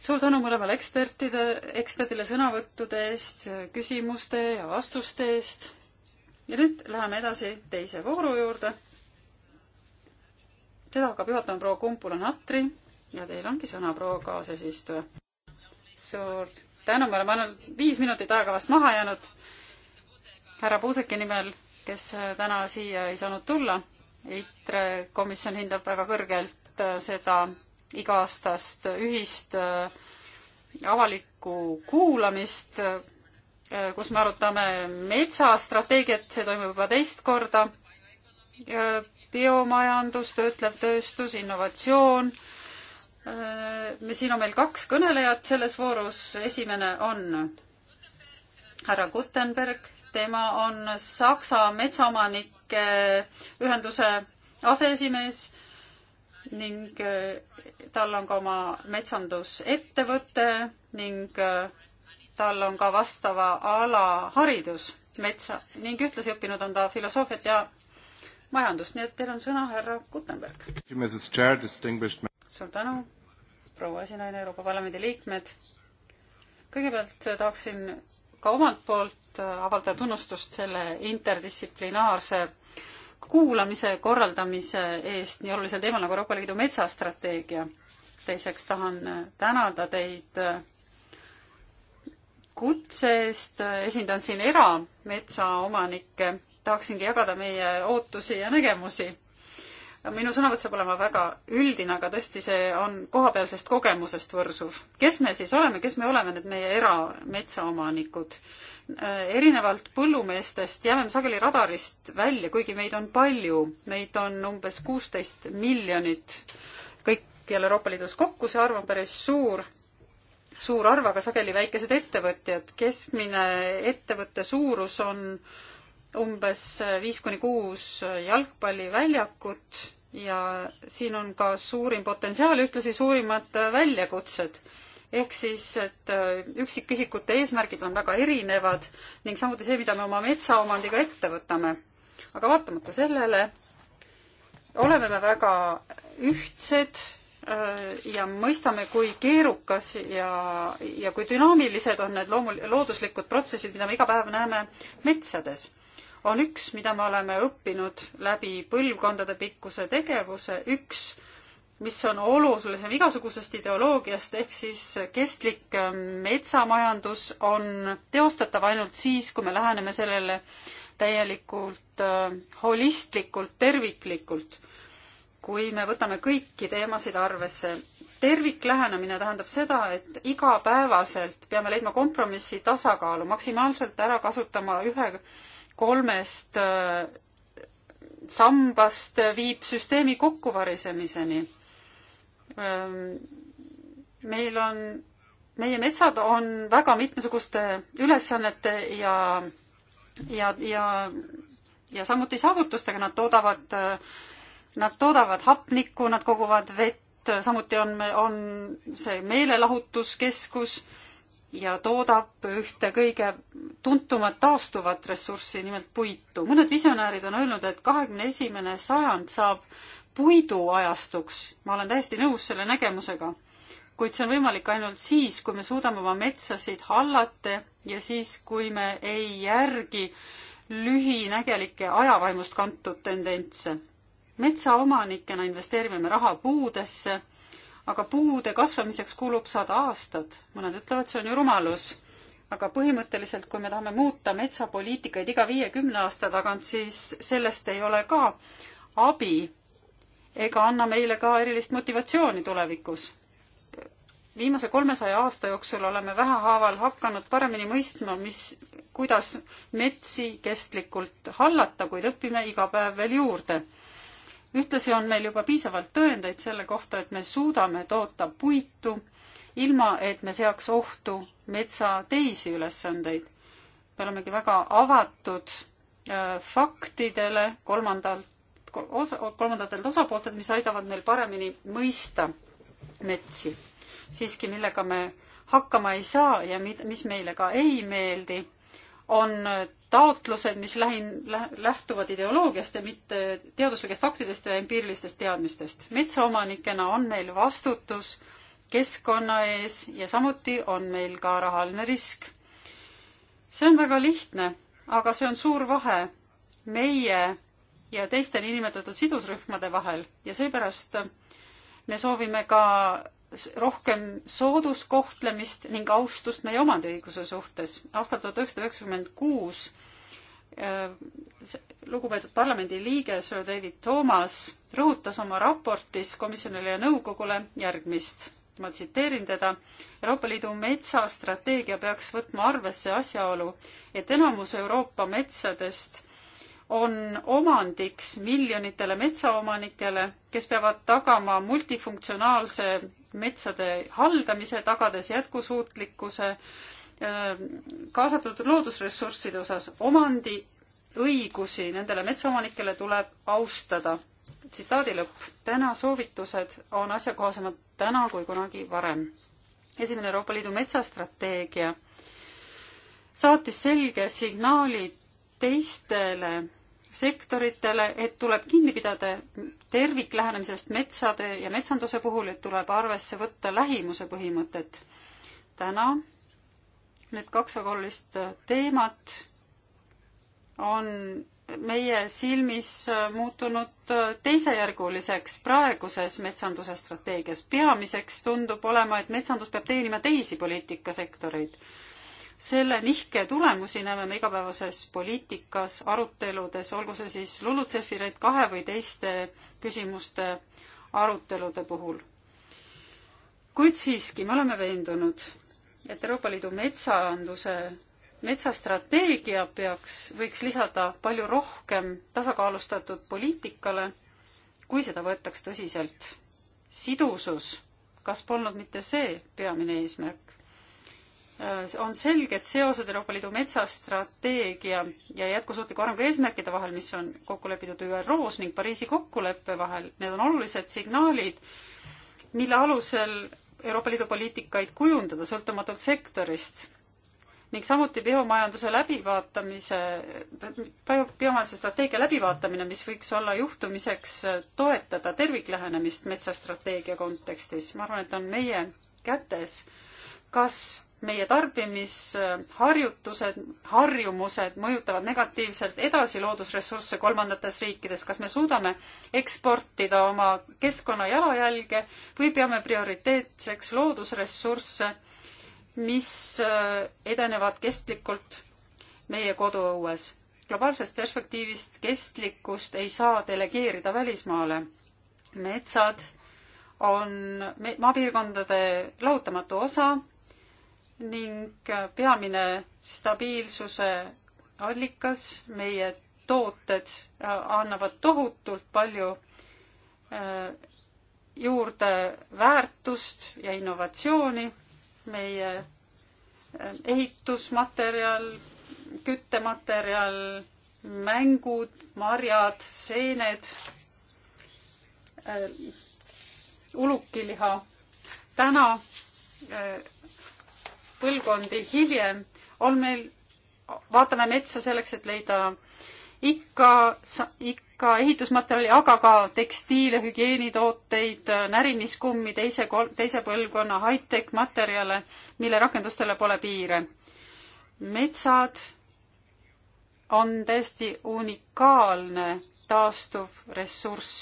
suur tänu mõlemale ekspertide, ekspertile sõnavõttude eest, küsimuste ja vastuste eest. ja nüüd läheme edasi teise vooru juurde. seda hakkab juhatama proua Kumpula-Natri ja teil ongi sõna, proua kaasesistuja. suur tänu, me oleme ainult viis minutit aega vast maha jäänud. härra Puuseki nimel, kes täna siia ei saanud tulla, ITRE komisjon hindab väga kõrgelt seda iga-aastast ühist äh, avalikku kuulamist, äh, kus me arutame metsastrateegiat, see toimub juba teist korda, biomajandus, töötlev tööstus, innovatsioon, äh, me, siin on meil kaks kõnelejat selles voorus, esimene on härra Gutenberg, tema on Saksa metsaomanike ühenduse aseesimees ning eh, tal on ka oma metsandusettevõte ning eh, tal on ka vastava ala haridus metsa ning ühtlasi õppinud on ta filosoofiat ja majandust, nii et teil on sõna, härra Gutenberg. suur tänu, proua esinaine, Euroopa Parlamendi liikmed. kõigepealt eh, tahaksin ka omalt poolt avaldada tunnustust selle interdistsiplinaarse kuulamise korraldamise eest nii olulisel teemal nagu Euroopa Liidu metsastrateegia. teiseks tahan tänada teid kutse eest, esindan siin erametsaomanikke, tahaksingi jagada meie ootusi ja nägemusi minu sõnavõtt saab olema väga üldine, aga tõesti, see on kohapealsest kogemusest võrsuv. kes me siis oleme, kes me oleme need meie erametsaomanikud? erinevalt põllumeestest jääme me sageli radarist välja, kuigi meid on palju, meid on umbes kuusteist miljonit kõikjal Euroopa Liidus kokku, see arv on päris suur, suur arv, aga sageli väikesed ettevõtjad, keskmine ettevõtte suurus on umbes viis kuni kuus jalgpalliväljakut ja siin on ka suurim potentsiaal, ühtlasi suurimad äh, väljakutsed. ehk siis, et äh, üksikisikute eesmärgid on väga erinevad ning samuti see, mida me oma metsaomandiga ette võtame. aga vaatamata sellele oleme me väga ühtsed äh, ja mõistame, kui keerukas ja, ja kui dünaamilised on need loomul-, looduslikud protsessid, mida me iga päev näeme metsades on üks, mida me oleme õppinud läbi põlvkondade pikkuse tegevuse, üks, mis on olulisem igasugusest ideoloogiast, ehk siis kestlik äh, metsamajandus on teostatav ainult siis, kui me läheneme sellele täielikult äh, holistlikult, terviklikult. kui me võtame kõiki teemasid arvesse terviklähenemine tähendab seda, et igapäevaselt peame leidma kompromissi tasakaalu, maksimaalselt ära kasutama ühe kolmest äh, sambast viib süsteemi kokkuvarisemiseni. Ähm, meil on, meie metsad on väga mitmesuguste ülesannete ja, ja, ja, ja samuti saavutustega, nad toodavad, äh, nad toodavad hapnikku, nad koguvad vett, samuti on, on see meelelahutuskeskus ja toodab ühte kõige tuntumat taastuvat ressurssi, nimelt puitu. mõned visionäärid on öelnud, et kahekümne esimene sajand saab puiduajastuks. ma olen täiesti nõus selle nägemusega. kuid see on võimalik ainult siis, kui me suudame oma metsasid hallata ja siis, kui me ei järgi lühinägelikke ajavaimust kantud tendentse. metsaomanikena investeerime me raha puudesse aga puude kasvamiseks kulub sada aastat. mõned ütlevad, see on ju rumalus. aga põhimõtteliselt, kui me tahame muuta metsapoliitikaid iga viiekümne aasta tagant, siis sellest ei ole ka abi ega anna meile ka erilist motivatsiooni tulevikus. viimase kolmesaja aasta jooksul oleme vähehaaval hakanud paremini mõistma, mis, kuidas metsi kestlikult hallata, kuid õpime iga päev veel juurde ühtlasi on meil juba piisavalt tõendeid selle kohta, et me suudame toota puitu, ilma et me seaks ohtu metsa teisi ülesandeid. me olemegi väga avatud äh, faktidele kolmandalt, kolmandatelt osapooltelt, mis aitavad meil paremini mõista metsi. siiski, millega me hakkama ei saa ja mid-, mis meile ka ei meeldi on taotlused, mis lähin-, lähtuvad ideoloogiast ja mitte teaduslikest faktidest ja empiirilistest teadmistest. metsaomanikena on meil vastutus keskkonna ees ja samuti on meil ka rahaline risk. see on väga lihtne, aga see on suur vahe meie ja teiste niinimetatud sidusrühmade vahel ja seepärast me soovime ka rohkem sooduskohtlemist ning austust meie omandiõiguse suhtes. aastal tuhat üheksasada üheksakümmend kuus äh, lugupeetud parlamendiliige Sir David Thomas rõhutas oma raportis komisjonile ja nõukogule järgmist. ma tsiteerin teda. Euroopa Liidu metsastrateegia peaks võtma arvesse asjaolu, et enamus Euroopa metsadest on omandiks miljonitele metsaomanikele, kes peavad tagama multifunktsionaalse metsade haldamise, tagades jätkusuutlikkuse, äh, kaasatud loodusressursside osas omandi õigusi nendele metsaomanikele tuleb austada. tsitaadi lõpp. täna soovitused on asjakohasemad täna kui kunagi varem. esimene Euroopa Liidu metsastrateegia saatis selge signaali teistele sektoritele, et tuleb kinni pidada terviklähenemisest metsade ja metsanduse puhul, et tuleb arvesse võtta lähimuse põhimõtet. täna need kaks väga olulist teemat on meie silmis muutunud teisejärguliseks praeguses metsanduse strateegias. peamiseks tundub olema, et metsandus peab teenima teisi poliitikasektoreid selle nihke tulemusi näeme me igapäevases poliitikas, aruteludes, olgu see siis LULUCF-i RED kahe või teiste küsimuste arutelude puhul. kuid siiski, me oleme veendunud, et Euroopa Liidu metsanduse, metsastrateegia peaks, võiks lisada palju rohkem tasakaalustatud poliitikale, kui seda võetaks tõsiselt. sidusus, kas polnud mitte see peamine eesmärk? Äh, on selged seosed Euroopa Liidu metsastrateegia ja jätkusuutliku arengu eesmärkide vahel, mis on kokku lepitud ÜRO-s ning Pariisi kokkuleppe vahel. Need on olulised signaalid, mille alusel Euroopa Liidu poliitikaid kujundada sõltumatult sektorist ning samuti biomajanduse läbivaatamise, biomajanduse strateegia läbivaatamine, mis võiks olla juhtumiseks toetada terviklähenemist metsastrateegia kontekstis. ma arvan, et on meie kätes, kas meie tarbimisharjutused, harjumused mõjutavad negatiivselt edasi loodusressursse kolmandates riikides, kas me suudame eksportida oma keskkonnajalajälge või peame prioriteetseks loodusressursse, mis äh, edenevad kestlikult meie koduõues. globaalsest perspektiivist kestlikkust ei saa delegeerida välismaale. metsad on maapiirkondade lahutamatu osa ning peamine stabiilsuse allikas, meie tooted äh, annavad tohutult palju äh, juurde väärtust ja innovatsiooni, meie äh, ehitusmaterjal, küttematerjal, mängud, marjad, seened, ulukiliha. täna põlvkondi hiljem, on meil, vaatame metsa selleks, et leida ikka, ikka ehitusmaterjali, aga ka tekstiile, hügieenitooteid, närimiskummi, teise, teise põlvkonna high-tech materjale, mille rakendustele pole piire. metsad on täiesti unikaalne taastuv ressurss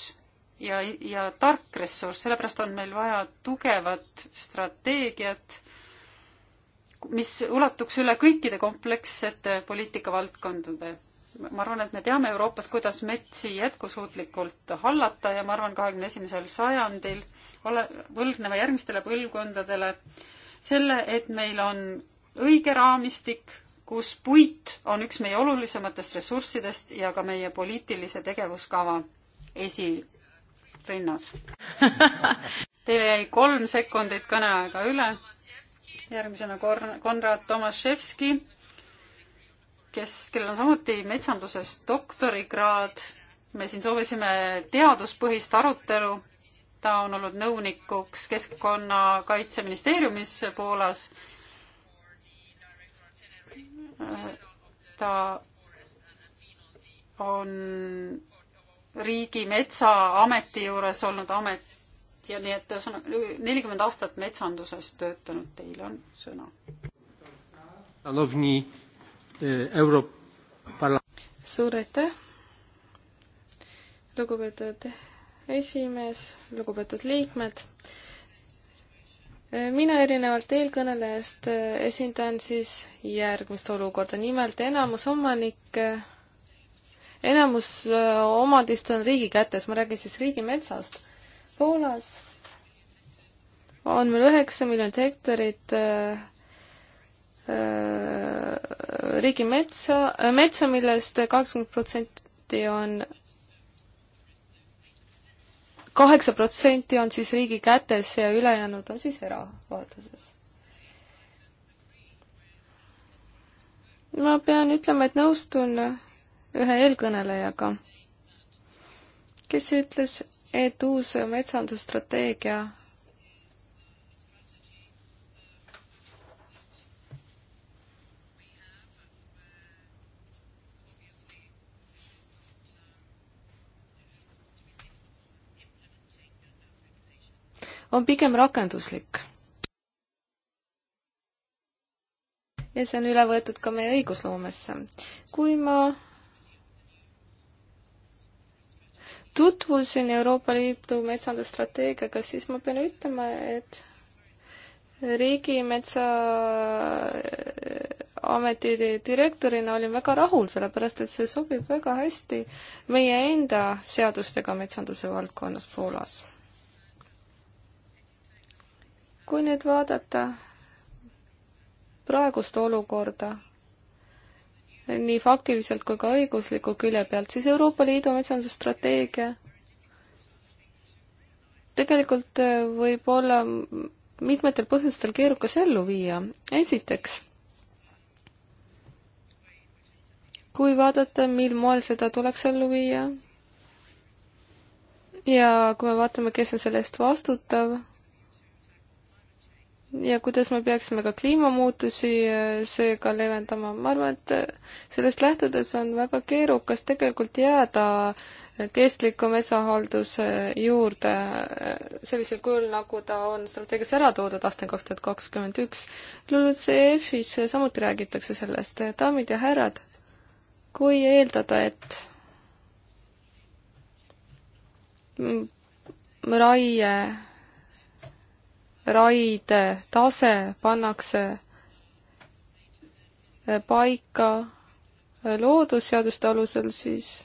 ja, ja tark ressurss, sellepärast on meil vaja tugevat strateegiat mis ulatuks üle kõikide komplekssete poliitikavaldkondade. ma arvan, et me teame Euroopas, kuidas metsi jätkusuutlikult hallata ja ma arvan, kahekümne esimesel sajandil ole, võlgneme järgmistele põlvkondadele selle, et meil on õige raamistik, kus puit on üks meie olulisematest ressurssidest ja ka meie poliitilise tegevuskava esirinnas. <laughs> Teile jäi kolm sekundit kõneaega üle järgmisena Kor-, Konrad Tomaševski, kes, kellel on samuti metsanduses doktorikraad. me siin soovisime teaduspõhist arutelu. ta on olnud nõunikuks Keskkonnakaitseministeeriumis Poolas. ta on riigimetsaameti juures olnud amet ja nii et ühesõnaga nelikümmend aastat metsanduses töötanud, teil on sõna. E, suur aitäh, lugupeetud esimees, lugupeetud liikmed. E, mina erinevalt eelkõnelejast e, esindan siis järgmist olukorda, nimelt enamus omanikke enamus omandist on riigi kätes, ma räägin siis riigimetsast Poolas on meil üheksa miljonit hektarit äh, äh, riigimetsa äh,, metsa, millest kaheksakümmend protsenti on, kaheksa protsenti on siis riigi kätes ja ülejäänud on siis eravalduses. ma pean ütlema, et nõustun ühe eelkõnelejaga kes ütles, et uus metsandusstrateegia on pigem rakenduslik. ja see on üle võetud ka meie õigusloomesse. kui ma tutvusin Euroopa Liidu metsandusstrateegiaga, siis ma pean ütlema, et riigimetsaameti äh, direktorina olin väga rahul, sellepärast et see sobib väga hästi meie enda seadustega metsanduse valdkonnas Poolas. kui nüüd vaadata praegust olukorda nii faktiliselt kui ka õigusliku külje pealt, siis Euroopa Liidu metsandusstrateegia tegelikult äh, võib olla mitmetel põhjustel keerukas ellu viia. esiteks, kui vaadata, mil moel seda tuleks ellu viia ja kui me vaatame, kes on selle eest vastutav, ja kuidas me peaksime ka kliimamuutusi äh, seega leevendama, ma arvan, et äh, sellest lähtudes on väga keerukas tegelikult jääda äh, kestliku metsahalduse juurde sellisel kujul, nagu ta on strateegias ära toodud aastani kaks tuhat kakskümmend üks. LULUCF-is samuti räägitakse sellest, daamid ja härrad, kui eeldada, et raie raide tase pannakse eh, paika eh, loodusseaduste alusel, siis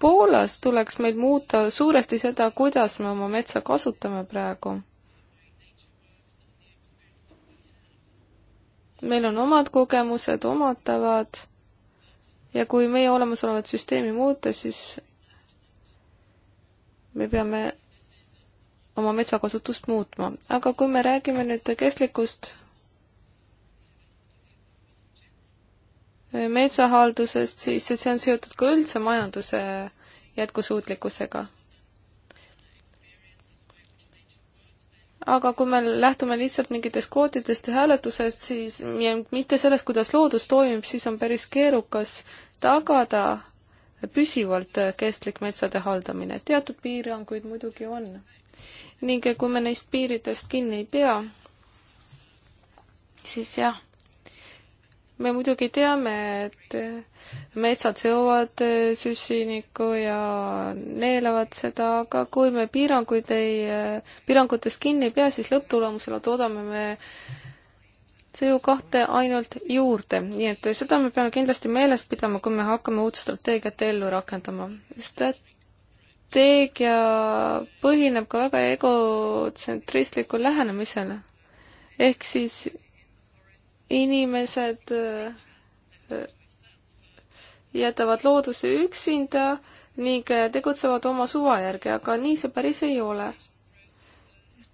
Poolas tuleks meil muuta suuresti seda, kuidas me oma metsa kasutame praegu. meil on omad kogemused, omad tavad ja kui meie olemasolevat süsteemi muuta, siis me peame oma metsakasutust muutma. aga kui me räägime nüüd kestlikust metsahaldusest, siis see on seotud ka üldse majanduse jätkusuutlikkusega. aga kui me lähtume lihtsalt mingitest kvootidest ja hääletusest, siis ja mitte sellest, kuidas loodus toimib, siis on päris keerukas tagada püsivalt kestlik metsade haldamine. teatud piiranguid muidugi on ning kui me neist piiridest kinni ei pea, siis jah, me muidugi teame, et metsad seovad süsinikku ja neelavad seda, aga kui me piiranguid ei, piirangutest kinni ei pea, siis lõpptulemusena toodame me CO2 ainult juurde, nii et seda me peame kindlasti meeles pidama, kui me hakkame uut strateegiat ellu rakendama. sest et strateegia põhineb ka väga egotsentristlikul lähenemisel. ehk siis inimesed äh, jätavad looduse üksinda ning äh, tegutsevad oma suva järgi, aga nii see päris ei ole.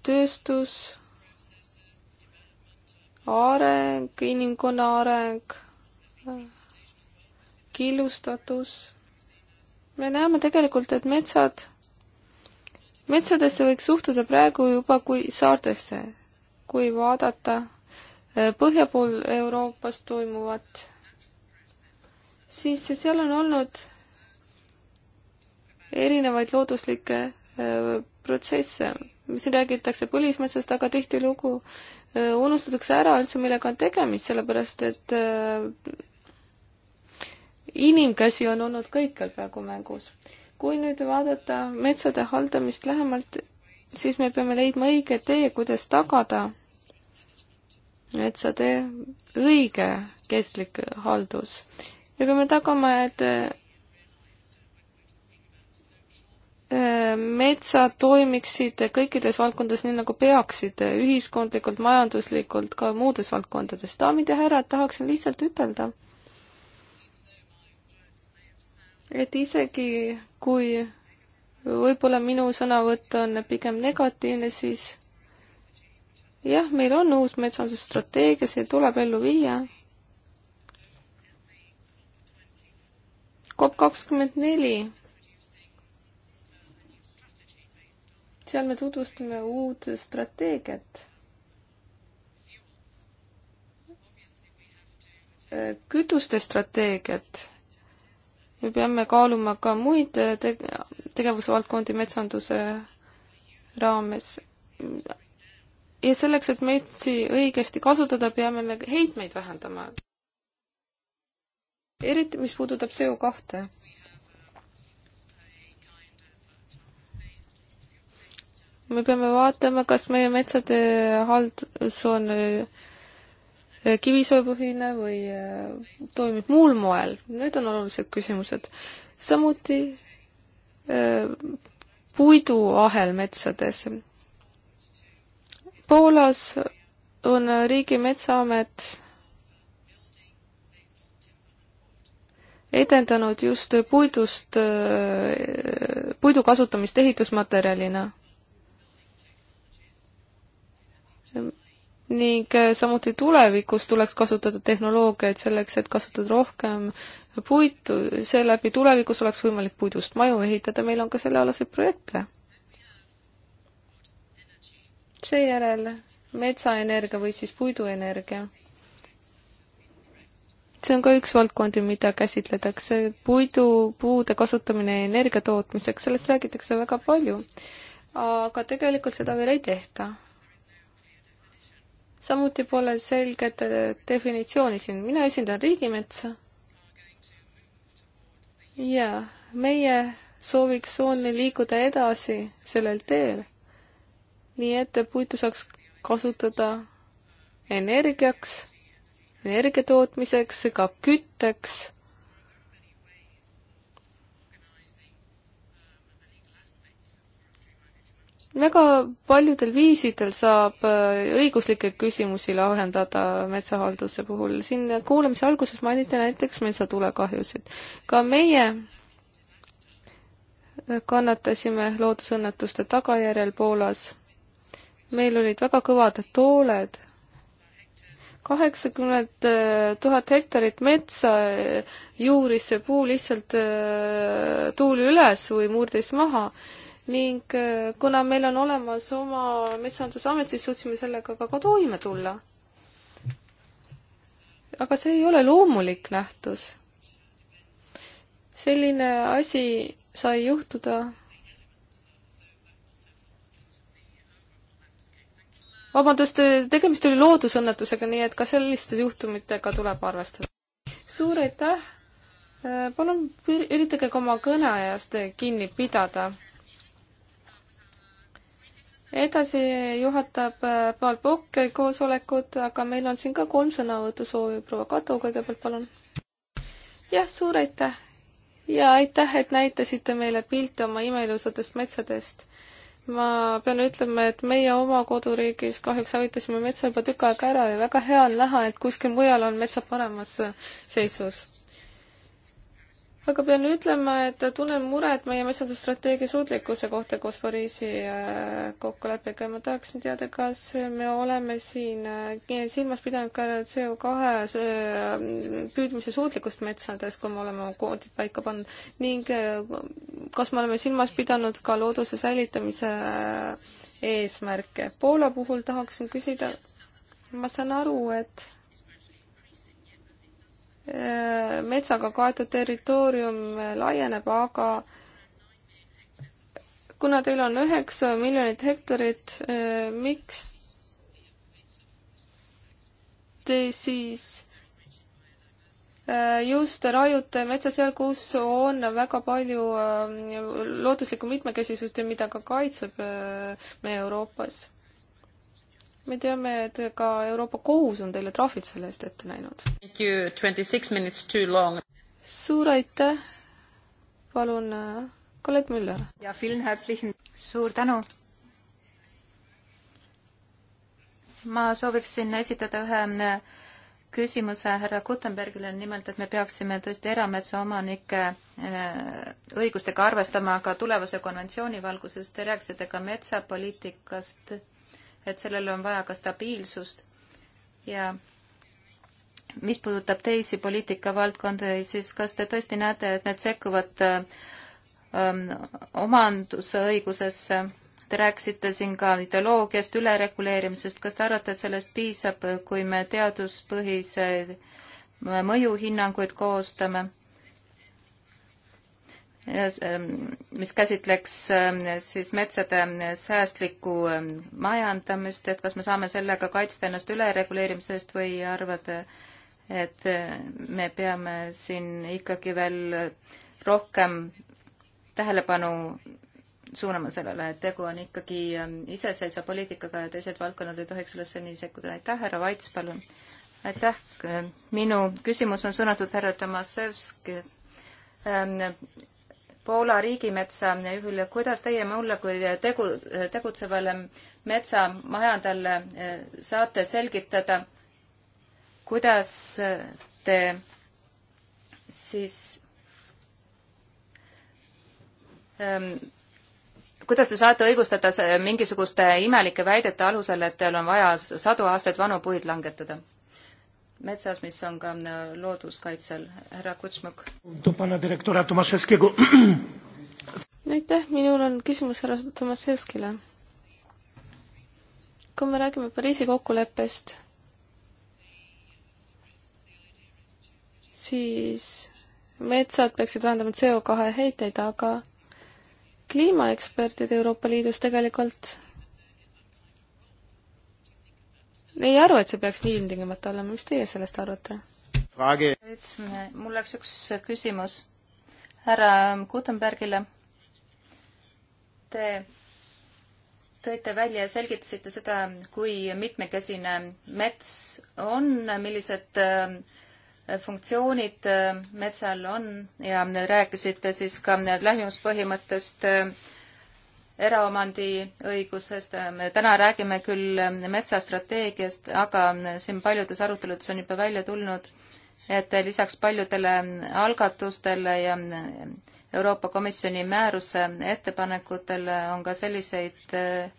tööstus, areng, inimkonna areng, äh, killustatus me näeme tegelikult, et metsad, metsadesse võiks suhtuda praegu juba kui saartesse, kui vaadata äh, põhja pool Euroopas toimuvat, siis seal on olnud erinevaid looduslikke äh, protsesse, siin räägitakse põlismetsast, aga tihtilugu äh, unustatakse ära üldse, millega on tegemist, sellepärast et inimkäsi on olnud kõikjal praegu mängus. kui nüüd vaadata metsade haldamist lähemalt, siis me peame leidma õige tee, kuidas tagada metsade õige kestlik haldus. me peame tagama, et äh, metsad toimiksid kõikides valdkondades nii, nagu peaksid, ühiskondlikult, majanduslikult, ka muudes valdkondades. daamid ja härrad, tahaksin lihtsalt ütelda, et isegi kui võib-olla minu sõnavõtt on pigem negatiivne, siis jah, meil on uus metsandusstrateegia, see tuleb ellu viia. COP kakskümmend neli. seal me tutvustame uut strateegiat. kütuste strateegiat me peame kaaluma ka muid äh, te tegevusvaldkondi metsanduse raames. ja selleks, et metsi õigesti kasutada, peame me heitmeid vähendama. eriti, mis puudutab CO kahte. me peame vaatama, kas meie metsade haldus on äh, kivisöepõhine või äh, toimib muul moel, need on olulised küsimused. samuti äh, puiduahel metsades. Poolas on riigi metsaamet edendanud just puidust, äh, puidu kasutamist ehitusmaterjalina ning äh, samuti tulevikus tuleks kasutada tehnoloogiaid selleks, et kasutada rohkem puitu, seeläbi tulevikus oleks võimalik puidust maju ehitada, meil on ka sellealaseid projekte. seejärel metsaenergia või siis puiduenergia. see on ka üks valdkondi, mida käsitletakse, puidu, puude kasutamine energia tootmiseks, sellest räägitakse väga palju. aga tegelikult seda veel ei tehta samuti pole selget äh, definitsiooni siin, mina esindan riigimetsa. ja meie sooviks on liikuda edasi sellel teel, nii et puitu saaks kasutada energiaks, energia tootmiseks, ka kütteks väga paljudel viisidel saab äh, õiguslikke küsimusi lahendada metsahalduse puhul. siin kuulamise alguses mainiti näiteks metsatulekahjusid. ka meie kannatasime loodusõnnetuste tagajärjel Poolas. meil olid väga kõvad tooled, kaheksakümmend äh, tuhat hektarit metsa äh, juuris see puu lihtsalt tuuli üles või murdis maha ning äh, kuna meil on olemas oma metsandusamet, siis suutsime sellega ka, ka toime tulla. aga see ei ole loomulik nähtus. selline asi sai juhtuda vabandust, tegemist oli loodusõnnetusega, nii et ka selliste juhtumitega tuleb arvestada. suur aitäh! palun üritage ka oma kõneajast kinni pidada edasi juhatab äh, Paul Pokk koosolekut, aga meil on siin ka kolm sõnavõtusoovi. proua Kadu kõigepealt, palun. jah, suur aitäh ja aitäh, et näitasite meile pilte oma imeilusatest metsadest. ma pean ütlema, et meie oma koduriigis kahjuks hävitasime metsa juba tükk aega ära ja väga hea on näha, et kuskil mujal on metsad paremas seisus aga pean ütlema, et tunnen muret meie metsandusstrateegia suutlikkuse kohta koos Pariisi äh, kokkuleppega ja ma tahaksin teada, kas me oleme siin äh, silmas pidanud ka CO2 äh, püüdmise suutlikkust metsades, kui me oleme kvoodid paika pannud ning kas me oleme silmas pidanud ka looduse säilitamise eesmärke. Poola puhul tahaksin küsida, ma saan aru, et Äh, metsaga kaetud territoorium äh, laieneb, aga kuna teil on üheksa miljonit hektarit, äh, miks te siis just raiute metsa seal, kus on väga palju looduslikku mitmekesisust ja mida ka kaitseb me Euroopas me teame, et ka Euroopa Kohus on teile trahvid selle eest ette näinud. suur aitäh, palun äh, kolleeg Müller. suur tänu. ma sooviksin esitada ühe äh, küsimuse härra Gutenbergile, nimelt et me peaksime tõesti erametsaomanike äh, õigustega arvestama ka tulevase konventsiooni valguses. Te rääkisite ka metsapoliitikast et sellele on vaja ka stabiilsust ja mis puudutab teisi poliitikavaldkondi, siis kas te tõesti näete, et need sekkuvad ähm, omandusõigusesse? Te rääkisite siin ka ideoloogiast, ülereguleerimisest, kas te arvate, et sellest piisab, kui me teaduspõhise mõjuhinnanguid koostame? Ähm, mis käsitleks ähm, siis metsade säästlikku ähm, majandamist, et kas me saame sellega kaitsta ennast ülereguleerimise eest või arvad, et äh, me peame siin ikkagi veel rohkem tähelepanu suunama sellele, et tegu on ikkagi iseseisva poliitikaga ja teised valdkonnad ei tohiks sellesse nii sekkuda. aitäh, härra Vaits, palun! aitäh, äh, minu küsimus on suunatud härra Tomasevski Poola riigimetsa juhile, kuidas teie mulle kui tegu, tegutsevale metsamajandajale eh, saate selgitada, kuidas eh, te siis ähm, kuidas te saate õigustada eh, mingisuguste imelike väidete alusel, et teil on vaja sadu aastaid vanu puid langetada? metsas, mis on ka äh, looduskaitsel. härra Kutsmuk. aitäh, minul on küsimus härra Tomaševskile. kui me räägime Pariisi kokkuleppest, siis metsad peaksid vähendama CO2 heiteid, aga kliimaeksperdid Euroopa Liidus tegelikult ei arva, et see peaks nii ilmtingimata olema, mis teie sellest arvate? mul läks üks küsimus härra Gutenbergile. Te tõite välja ja selgitasite seda, kui mitmekesine mets on, millised äh, funktsioonid äh, metsal on ja rääkisite siis ka lähimuspõhimõttest äh, eraomandiõigusest, me täna räägime küll metsastrateegiast, aga siin paljudes aruteludes on juba välja tulnud, et lisaks paljudele algatustele ja Euroopa Komisjoni määruse ettepanekutele on ka selliseid eh,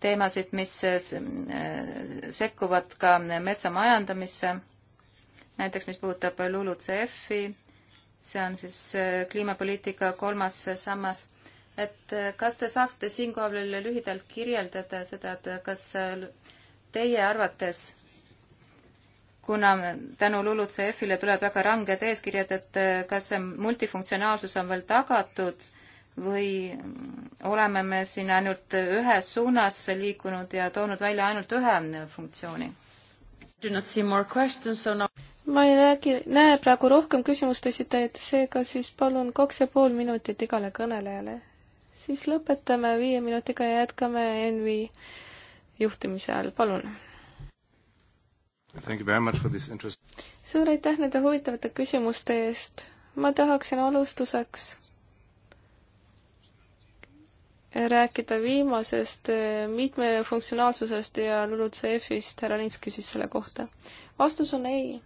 teemasid, mis eh, sekkuvad ka metsamajandamisse, näiteks mis puudutab LULUCF-i, see on siis eh, kliimapoliitika kolmas sammas et äh, kas te saaksite siinkohal lühidalt kirjeldada seda, et äh, kas äh, teie arvates, kuna tänu LULUCF-ile tulevad väga ranged eeskirjad, et kas see multifunktsionaalsus on veel tagatud või mm, oleme me siin ainult ühes suunas liikunud ja toonud välja ainult ühe mm, funktsiooni? ma ei räägi, näe praegu rohkem küsimuste esitajaid, seega siis palun kaks ja pool minutit igale kõnelejale siis lõpetame viie minutiga ja jätkame ENV juhtimise all, palun. suur aitäh nende huvitavate küsimuste eest. ma tahaksin alustuseks rääkida viimasest eh, mitmefunktsionaalsusest ja LULUCF-ist, härra Lins küsis selle kohta. vastus on ei.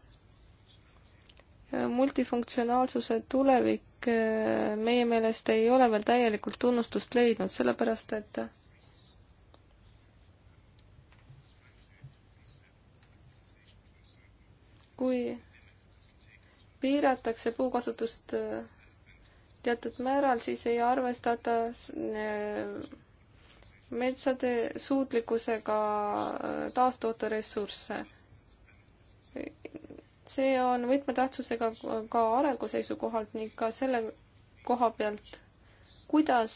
multifunktsionaalsuse tulevik ettepanek äh, meie meelest ei ole veel täielikult tunnustust leidnud, sellepärast et kui piiratakse puukasutust äh, teatud määral, siis ei arvestata äh, metsade suutlikkusega taastoota ressursse see on võtmetähtsusega ka arengu seisukohalt ning ka selle koha pealt, kuidas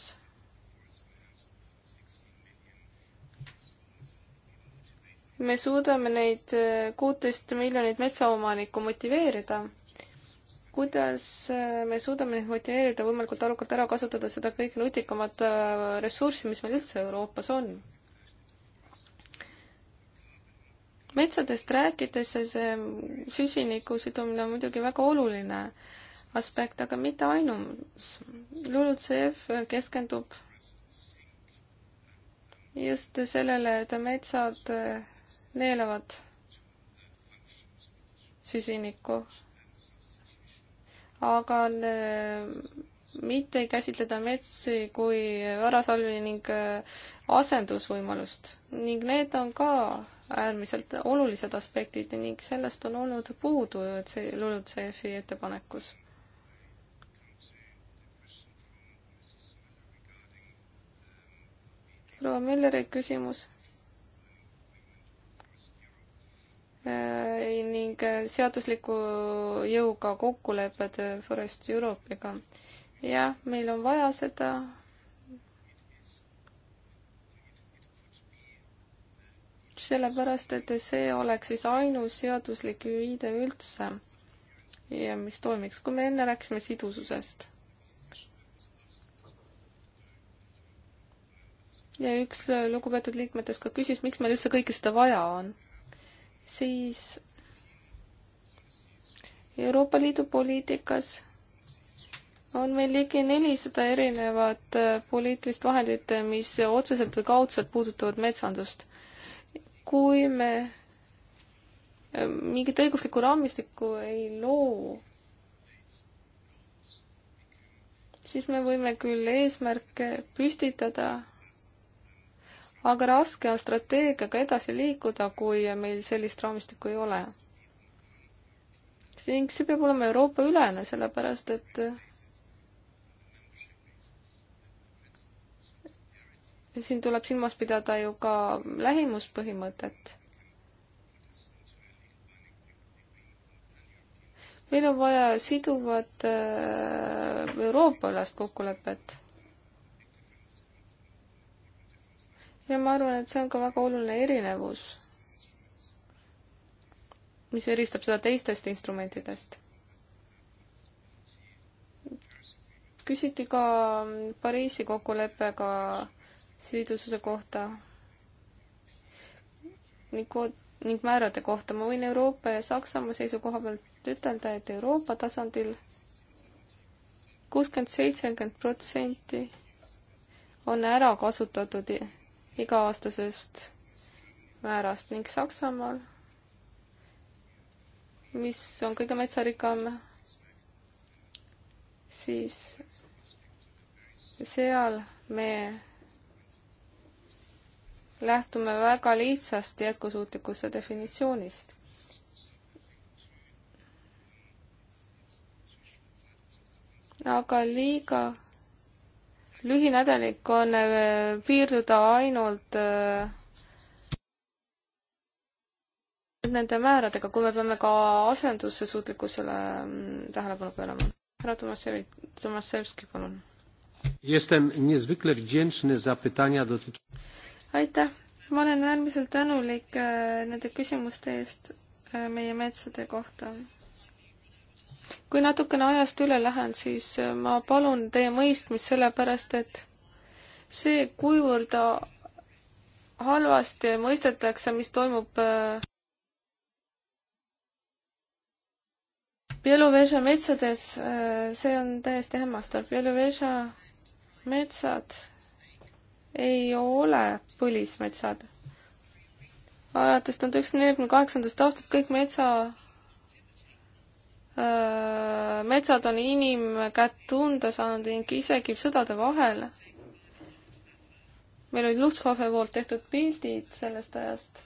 me suudame neid kuuteist miljonit metsaomanikku motiveerida, kuidas me suudame neid motiveerida võimalikult arukalt ära kasutada seda kõige nutikamat äh, ressurssi, mis meil üldse Euroopas on metsadest rääkides, see süsiniku sidumine on muidugi väga oluline aspekt, aga mitte ainus. LULUCF keskendub just sellele, et metsad neelavad süsinikku, aga äh, mitte ei käsitleda metsi kui varasalvi ning äh, asendusvõimalust ning need on ka äärmiselt olulised aspektid ning sellest on olnud puudu LULUCF-i ettepanekus. proua Mülleri küsimus äh, ning seadusliku jõuga kokkulepped Forest Europe'iga. jah, meil on vaja seda sellepärast et see oleks siis ainus seaduslik viide üldse ja mis toimiks, kui me enne rääkisime sidususest. ja üks lugupeetud liikmetest ka küsis, miks meil üldse kõike seda vaja on. siis Euroopa Liidu poliitikas on meil ligi nelisada erinevat äh, poliitilist vahendit, mis otseselt või kaudselt puudutavad metsandust kui me eh, mingit õiguslikku raamistikku ei loo, siis me võime küll eesmärke püstitada, aga raske on strateegiaga edasi liikuda, kui meil sellist raamistikku ei ole. ning see peab olema Euroopa ülene, sellepärast et siin tuleb silmas pidada ju ka lähimuspõhimõtet. meil on vaja siduvat äh, Euroopa-ülest kokkulepet. ja ma arvan, et see on ka väga oluline erinevus, mis eristab seda teistest instrumentidest küsiti ka Pariisi kokkuleppega sidususe kohta ning kood- ning määrade kohta. ma võin Euroopa ja Saksamaa seisukoha pealt ütelda, et Euroopa tasandil kuuskümmend, seitsekümmend protsenti on ära kasutatud iga-aastasest määrast ning Saksamaal, mis on kõige metsarikkam, siis seal me lähtume väga lihtsast jätkusuutlikkuse definitsioonist. aga liiga lühinädalik on äh, piirduda ainult äh, nende määradega, kui me peame ka asenduse suutlikkusele mm, tähelepanu pöörama. härra Tomasevi, Tomasevski, palun aitäh, ma olen äärmiselt tänulik äh, nende küsimuste eest äh, meie metsade kohta. kui natukene ajast üle lähen, siis äh, ma palun teie mõistmist, sellepärast et see, kuivõrd halvasti mõistetakse, mis toimub Bieloveža metsades, see on täiesti hämmastav. Bieloveža metsad ei ole põlismetsad. alates tuhande üheksasaja neljakümne kaheksandast aastast kõik metsa öö, metsad on inimkätt tunda saanud ning isegi sõdade vahel. meil olid Luftwaffe poolt tehtud pildid sellest ajast.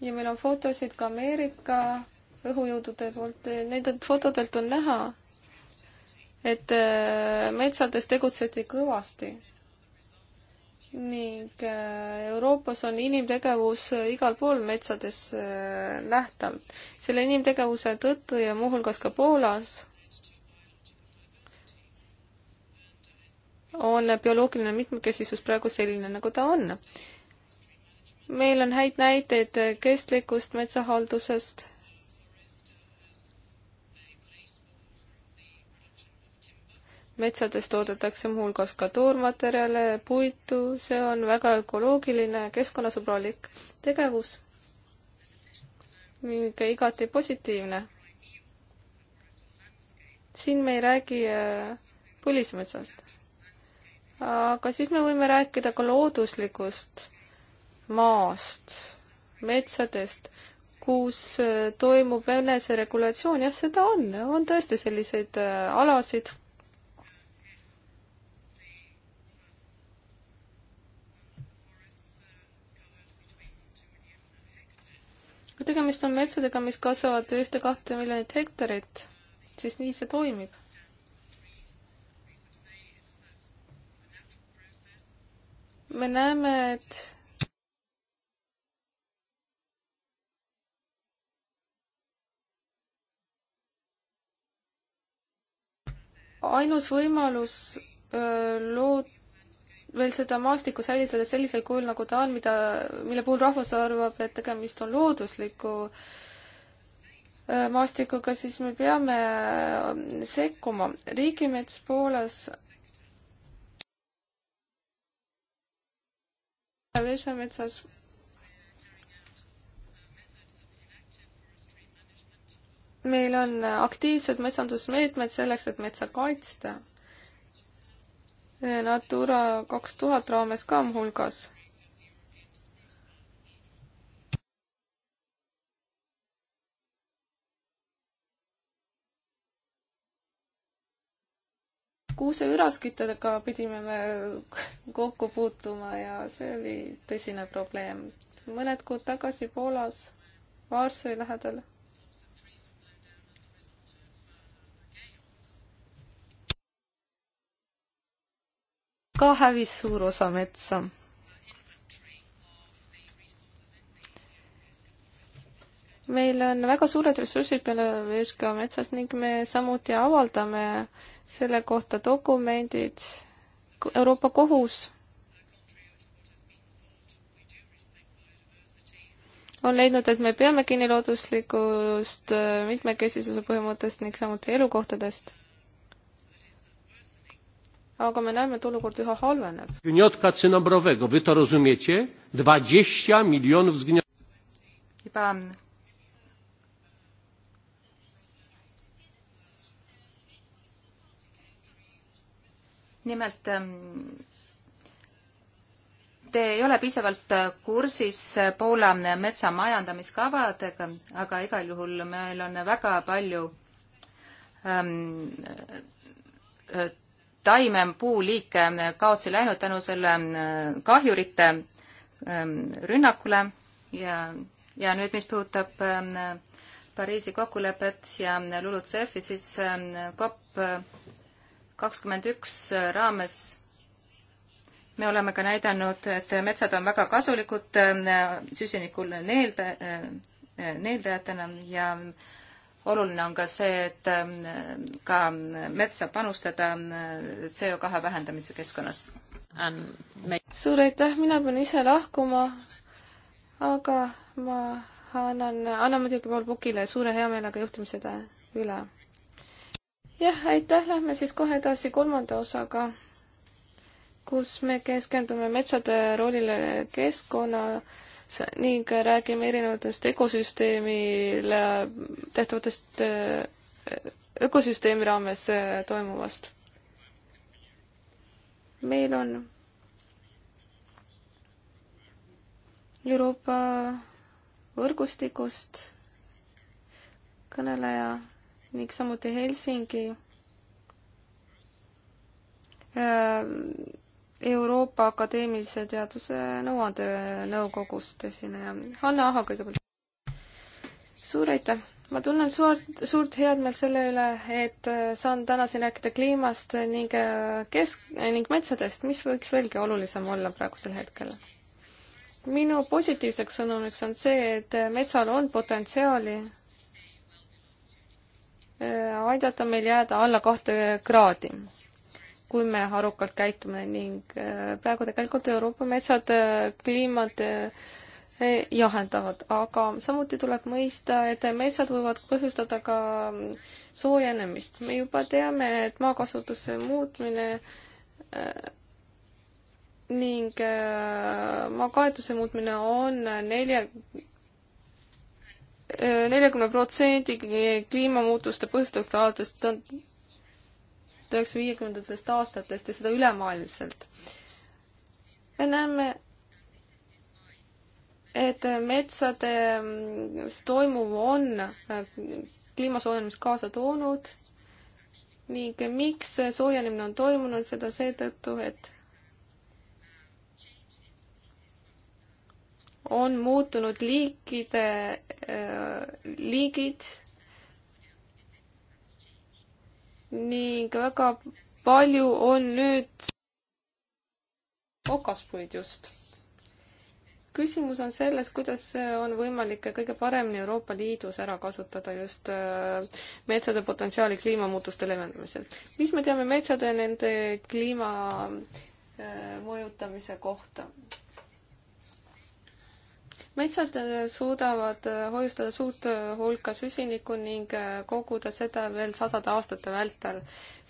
ja meil on fotosid ka Ameerika õhujõudude poolt, nendelt fotodelt on näha, et metsades tegutseti kõvasti ning äh, Euroopas on inimtegevus äh, igal pool metsades äh, nähtav. selle inimtegevuse tõttu ja muuhulgas ka Poolas on bioloogiline mitmekesisus praegu selline, nagu ta on. meil on häid näiteid kestlikust metsahaldusest metsades toodetakse muuhulgas ka toormaterjale, puitu, see on väga ökoloogiline ja keskkonnasõbralik tegevus ning igati positiivne. siin me ei räägi äh, põlismetsast. aga siis me võime rääkida ka looduslikust maast, metsadest, kus äh, toimub eneseregulatsioon, jah, seda on, on tõesti selliseid äh, alasid tegemist on metsadega, mis kasvavad ühte-kahte miljonit hektarit, siis nii see toimib. me näeme, et ainus võimalus öö, loota veel seda maastikku säilitada sellisel kujul, nagu ta on, mida, mille puhul rahvas arvab, et tegemist on loodusliku äh, maastikuga, siis me peame äh, sekkuma. riigimets Poolas Vesemetsas meil on aktiivsed metsandusmeetmed selleks, et metsa kaitsta Natura kaks tuhat raames ka muuhulgas. kuuseüraskitega pidime me kokku puutuma ja see oli tõsine probleem. mõned kuud tagasi Poolas, Varssavi lähedal ka hävis suur osa metsa. meil on väga suured ressursid peale Veska metsas ning me samuti avaldame selle kohta dokumendid. Euroopa Kohus on leidnud, et me peame kinni looduslikust mitmekesisuse põhimõttest ning samuti elukohtadest aga me näeme, et olukord üha halveneb. juba nimelt te ei ole piisavalt kursis Poola metsa majandamiskavadega, aga igal juhul meil on väga palju ähm, taimepuuliike kaotsi läinud tänu selle mm, kahjurite mm, rünnakule ja, ja nüüd, mis puudutab mm, Pariisi kokkulepet ja LULUCF-i, siis COP kakskümmend üks raames me oleme ka näidanud, et metsad on väga kasulikud süsinikul neelda, neeldajatena ja oluline on ka see, et ähm, ka metsa panustada äh, CO2 vähendamise keskkonnas. suur aitäh, mina pean ise lahkuma, aga ma annan, annan muidugi Paul Pukile suure heameelega juhtimised üle. jah, aitäh, lähme siis kohe edasi kolmanda osaga, kus me keskendume metsade roolile keskkonna ning räägime erinevatest ökosüsteemile tehtavatest, eh, ökosüsteemi raames eh, toimuvast. meil on Euroopa võrgustikust kõneleja ning samuti Helsingi eh, Euroopa Akadeemilise Teaduse Nõuandenõukogust esineja. Hanna Aha kõigepealt. suur aitäh! ma tunnen suurt, suurt headmeelt selle üle, et äh, saan täna siin rääkida kliimast ning äh, kesk- ning metsadest, mis võiks veelgi olulisem olla praegusel hetkel. minu positiivseks sõnumiks on see, et äh, metsal on potentsiaali aidata meil jääda alla kahte kraadi kui me arukalt käitume ning äh, praegu tegelikult Euroopa metsad äh, kliimat jahendavad, äh, aga samuti tuleb mõista, et metsad võivad põhjustada ka mm, soojenemist. me juba teame, et maakasutuse muutmine ning maakaetuse muutmine on nelja, neljakümne protsendi kliimamuutuste põhjustustest alates tuhande üheksasaja viiekümnendatest aastatest ja seda ülemaailmselt. me näeme, et metsades mm, toimuv on äh, kliima soojenemist kaasa toonud ning miks soojenemine on toimunud, seda seetõttu, et on muutunud liikide, äh, liigid ning väga palju on nüüd okaspuid just. küsimus on selles, kuidas on võimalik kõige paremini Euroopa Liidus ära kasutada just äh, metsade potentsiaali kliimamuutuste leevendamisel. mis me teame metsade nende kliima äh, mõjutamise kohta? metsad äh, suudavad äh, hoiustada suurt äh, hulka süsinikku ning koguda seda veel sadade aastate vältel.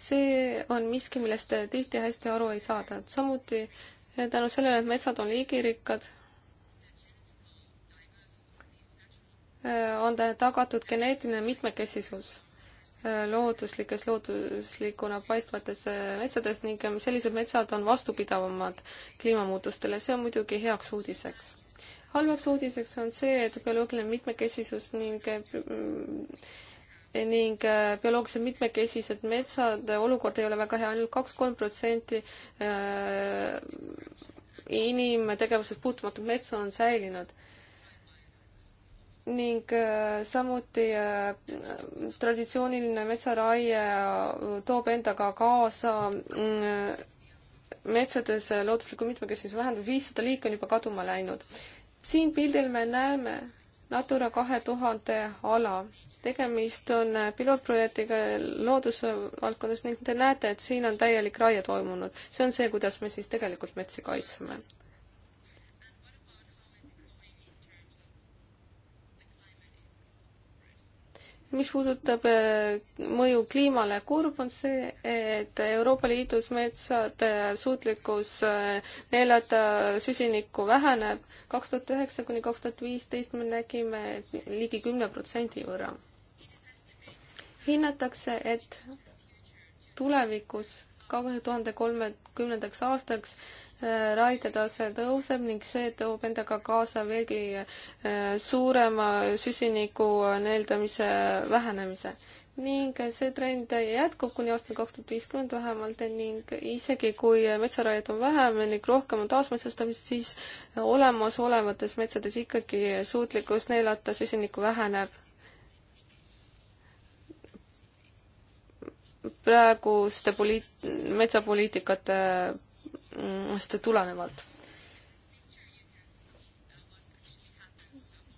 see on miski, millest tihti hästi aru ei saada. samuti tänu sellele, et metsad on liigirikkad, on tagatud geneetiline mitmekesisus looduslikes, looduslikuna paistvates metsades ning ähm, sellised metsad on vastupidavamad kliimamuutustele, see on muidugi heaks uudiseks halvaks uudiseks on see, et bioloogiline mitmekesisus ning mm, ning äh, bioloogiliselt mitmekesised metsad, äh, olukord ei ole väga hea ainult, ainult kaks-kolm protsenti äh, inimtegevusest puutumatud metsa on säilinud. ning samuti traditsiooniline metsaraie toob endaga kaasa mm, metsades loodusliku mitmekesisuse vähendamine, viissada liiki on juba kaduma läinud siin pildil me näeme Natura kahe tuhande ala. tegemist on äh, pilootprojektiga loodusvaldkonnas ning te näete, et siin on täielik raie toimunud. see on see, kuidas me siis tegelikult metsi kaitseme. mis puudutab äh, mõju kliimale, kurb on see, et Euroopa Liidus metsade äh, suutlikkus äh, neelata süsinikku väheneb. kaks tuhat üheksa kuni kaks tuhat viisteist me nägime ligi kümne protsendi võrra. hinnatakse, et tulevikus kahe tuhande kolmekümnendaks aastaks raidetase tõuseb ning see toob endaga kaasa veelgi äh, suurema süsiniku neeldamise vähenemise. ning see trend jätkub kuni aastani kaks tuhat viiskümmend vähemalt ning isegi kui metsaraiet on vähem ning rohkem on taasmetsastamist, siis olemasolevates metsades ikkagi suutlikkus neelata süsinikku väheneb. praeguste poliit-, metsapoliitikate seda tulenevalt.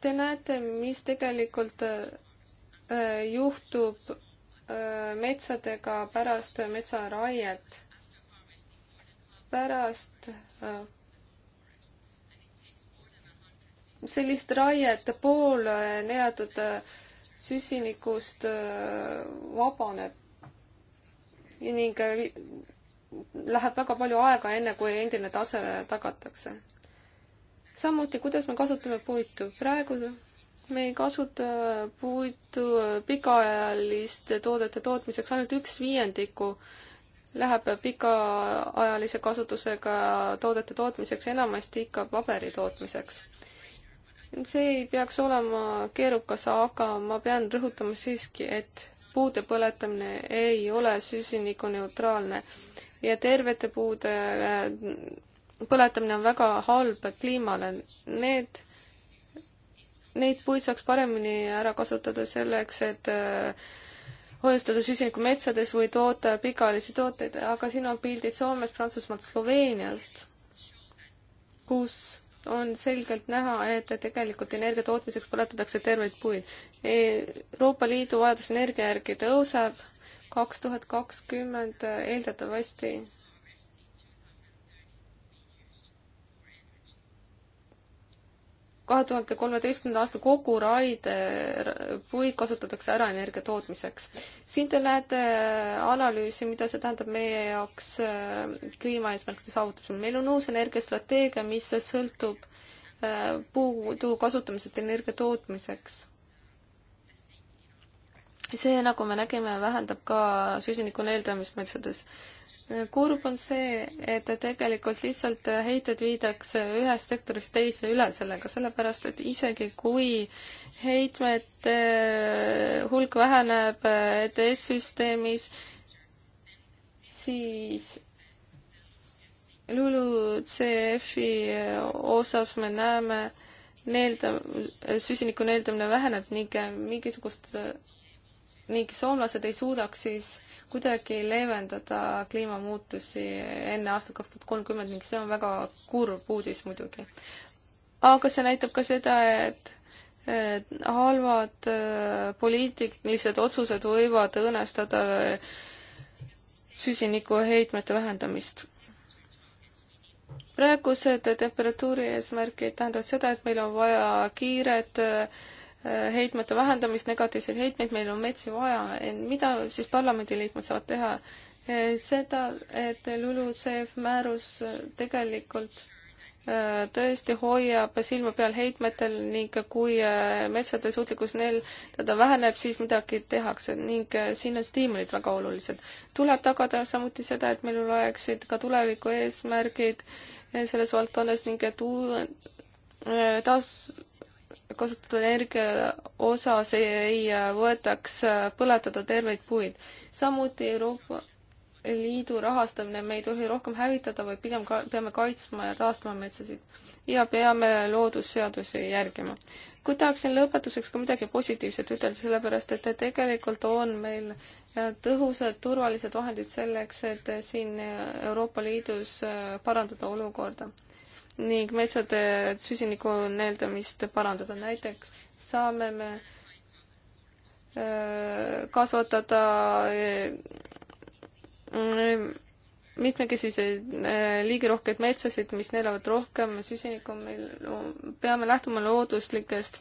Te näete, mis tegelikult äh, juhtub äh, metsadega pärast metsaraiet, pärast äh, sellist raiet pool neelatud süsinikust vabaneb ning läheb väga palju aega, enne kui endine tase tagatakse. samuti, kuidas me kasutame puitu. praegu me ei kasuta puitu pikaajaliste toodete tootmiseks, ainult üks viiendiku läheb pikaajalise kasutusega toodete tootmiseks, enamasti ikka paberi tootmiseks. see ei peaks olema keerukas, aga ma pean rõhutama siiski, et puude põletamine ei ole süsinikuneutraalne ja tervete puude äh, põletamine on väga halb kliimale. Need, neid puid saaks paremini ära kasutada selleks, et äh, hoiustada süsinikku metsades või toota pikaajalisi tooteid, aga siin on pildid Soomest, Prantsusmaalt, Sloveeniast, kus on selgelt näha, et tegelikult energia tootmiseks põletatakse terveid puid. Euroopa Liidu vajadus energia järgi tõuseb, kaks tuhat kakskümmend eeldatavasti kahe tuhande kolmeteistkümnenda aasta kogu raide, puid kasutatakse ära energia tootmiseks. siin te näete äh, analüüsi, mida see tähendab meie jaoks äh, kliimaeesmärkide saavutamisel. meil on uus energiastrateegia, mis sõltub äh, puudu kasutamiselt energia tootmiseks. see, nagu me nägime, vähendab ka süsiniku neeldamist metsades kurb on see, et tegelikult lihtsalt heited viidakse ühest sektorist teise üle sellega, sellepärast et isegi kui heitmete hulk väheneb ETS-süsteemis, siis LULU-CF-i osas me näeme, neelda-, süsiniku neeldamine väheneb ning mingisugust ning soomlased ei suudaks siis kuidagi leevendada kliimamuutusi enne aastat kaks tuhat kolmkümmend ning see on väga kurb uudis muidugi. aga see näitab ka seda, et et halvad äh, poliitilised otsused võivad õõnestada äh, süsinikuheitmete vähendamist. praegused temperatuuri eesmärgid tähendavad seda, et meil on vaja kiiret äh, Äh, heitmete vähendamist, negatiivseid heitmeid, meil on metsi vaja, mida siis parlamendiliikmed saavad teha? Äh, seda, et LULUCF määrus äh, tegelikult tõesti hoiab silma peal heitmetel ning kui metsade suutlikkus neil teda väheneb, siis midagi tehakse ning siin on stiimulid väga olulised. tuleb tagada samuti seda, et meil oleksid ka tuleviku eesmärgid selles valdkonnas ning et taas kasutatud energia osas ei, ei võetaks põletada terveid puid. samuti Euroopa Liidu rahastamine, me ei tohi rohkem hävitada, vaid pigem ka, peame kaitsma ja taastama metsasid ja peame loodusseadusi järgima. kui tahaksin lõpetuseks ka midagi positiivset ütelda, sellepärast et tegelikult on meil tõhusad, turvalised vahendid selleks, et siin Euroopa Liidus parandada olukorda ning metsade süsiniku neeldamist parandada. näiteks saame me äh, kasvatada äh, mitmekesiseid äh, liigirohkeid metsasid, mis neelavad rohkem süsinikku, me peame lähtuma looduslikest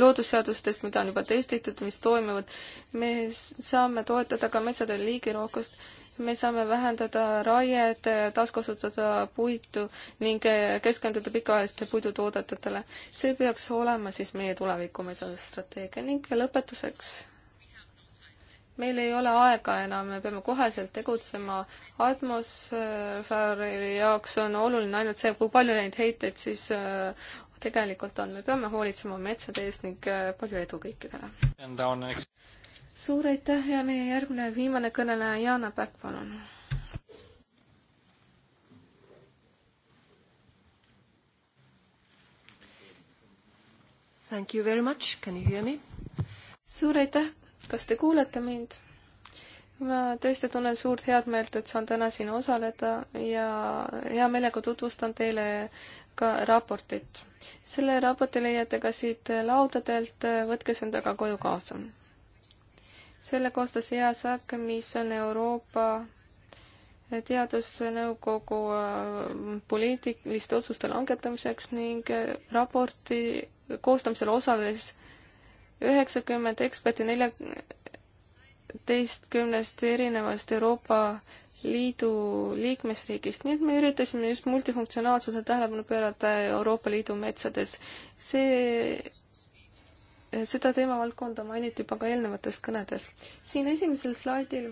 loodusseadustest, mida on juba testitud, mis toimivad, me saame toetada ka metsade liigirohkust me saame vähendada raiet, taaskasutada puitu ning keskenduda pikaajaliste puidutoodetele. see peaks olema siis meie tuleviku metsandusstrateegia ning lõpetuseks. meil ei ole aega enam, me peame koheselt tegutsema. atmosfääri jaoks on oluline ainult see, kui palju neid heiteid siis äh, tegelikult on, me peame hoolitsema metsade eest ning äh, palju edu kõikidele! suur aitäh ja meie järgmine viimane kõneleja, Jana Päkk, palun. Thank you very much, can you hear me? suur aitäh, kas te kuulete mind? ma tõesti tunnen suurt headmeelt, et saan täna siin osaleda ja hea meelega tutvustan teile ka raportit. selle raporti leiate ka siit laudadelt, võtke see endaga koju kaasa selle koostas EASAC, mis on Euroopa Teadusnõukogu äh, poliitiliste otsuste langetamiseks ning äh, raporti koostamisel osales üheksakümmend eksperti neljateistkümnest erinevast Euroopa Liidu liikmesriigist, nii et me üritasime just multifunktsionaalsuse tähelepanu pöörata Euroopa Liidu metsades. see seda teemavaldkonda mainiti juba ka eelnevates kõnedes. siin esimesel slaidil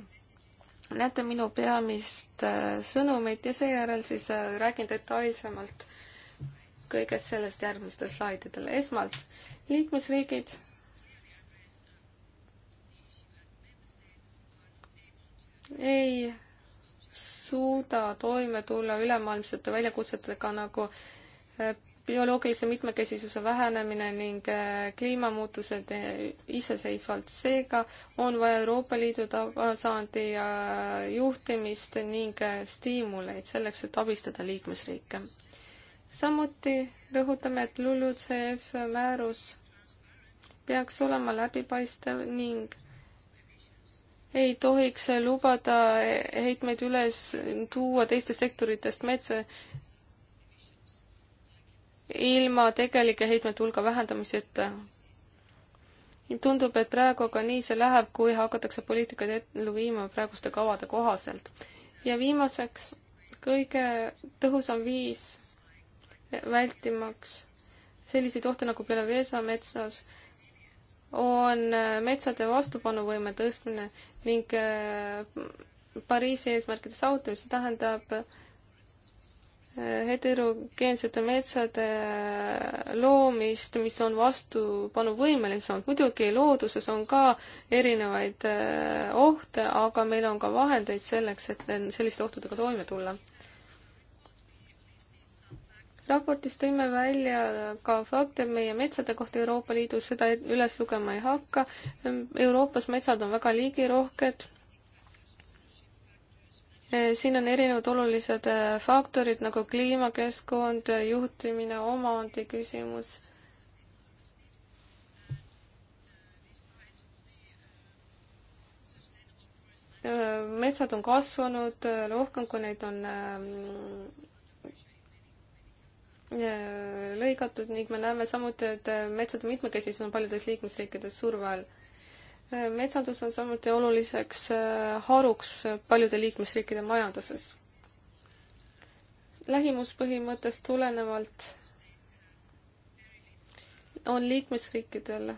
näete minu peamist äh, sõnumit ja seejärel siis äh, räägin detailsemalt kõigest sellest järgmistel slaididel. esmalt liikmesriigid ei suuda toime tulla ülemaailmsete väljakutsetega nagu äh, bioloogilise mitmekesisuse vähenemine ning äh, kliimamuutused iseseisvalt. seega on vaja Euroopa Liidu tasandi äh, juhtimist ning äh, stiimuleid selleks, et abistada liikmesriike. samuti rõhutame, et LULUCF määrus peaks olema läbipaistev ning ei tohiks lubada e-, heitmeid üles tuua teistest sektoritest metsa ilma tegelike heitmete hulga vähendamiseta. tundub, et praegu aga nii see läheb, kui hakatakse poliitikaid ellu viima praeguste kavade kohaselt. ja viimaseks, kõige tõhusam viis vältimaks selliseid ohte nagu Peleveesa metsas on äh, metsade vastupanuvõime tõstmine ning äh, Pariisi eesmärkide saavutamine, see tähendab heterogeensete metsade äh, loomist, mis on vastupanuvõimelisemad. muidugi looduses on ka erinevaid äh, ohte, aga meil on ka vahendeid selleks, et selliste ohtudega toime tulla. raportis tõime välja ka fakte meie metsade kohta Euroopa Liidus, seda üles lugema ei hakka. Euroopas metsad on väga liigirohked Eh, siin on erinevad olulised eh, faktorid nagu kliimakeskkond, eh, juhtimine, omandi küsimus. metsad on kasvanud rohkem, kui neid on lõigatud ning me näeme samuti, et metsade mitmekesisus on paljudes liikmesriikides surve all metsandus on samuti oluliseks äh, haruks paljude liikmesriikide majanduses. lähimuspõhimõttest tulenevalt on liikmesriikidel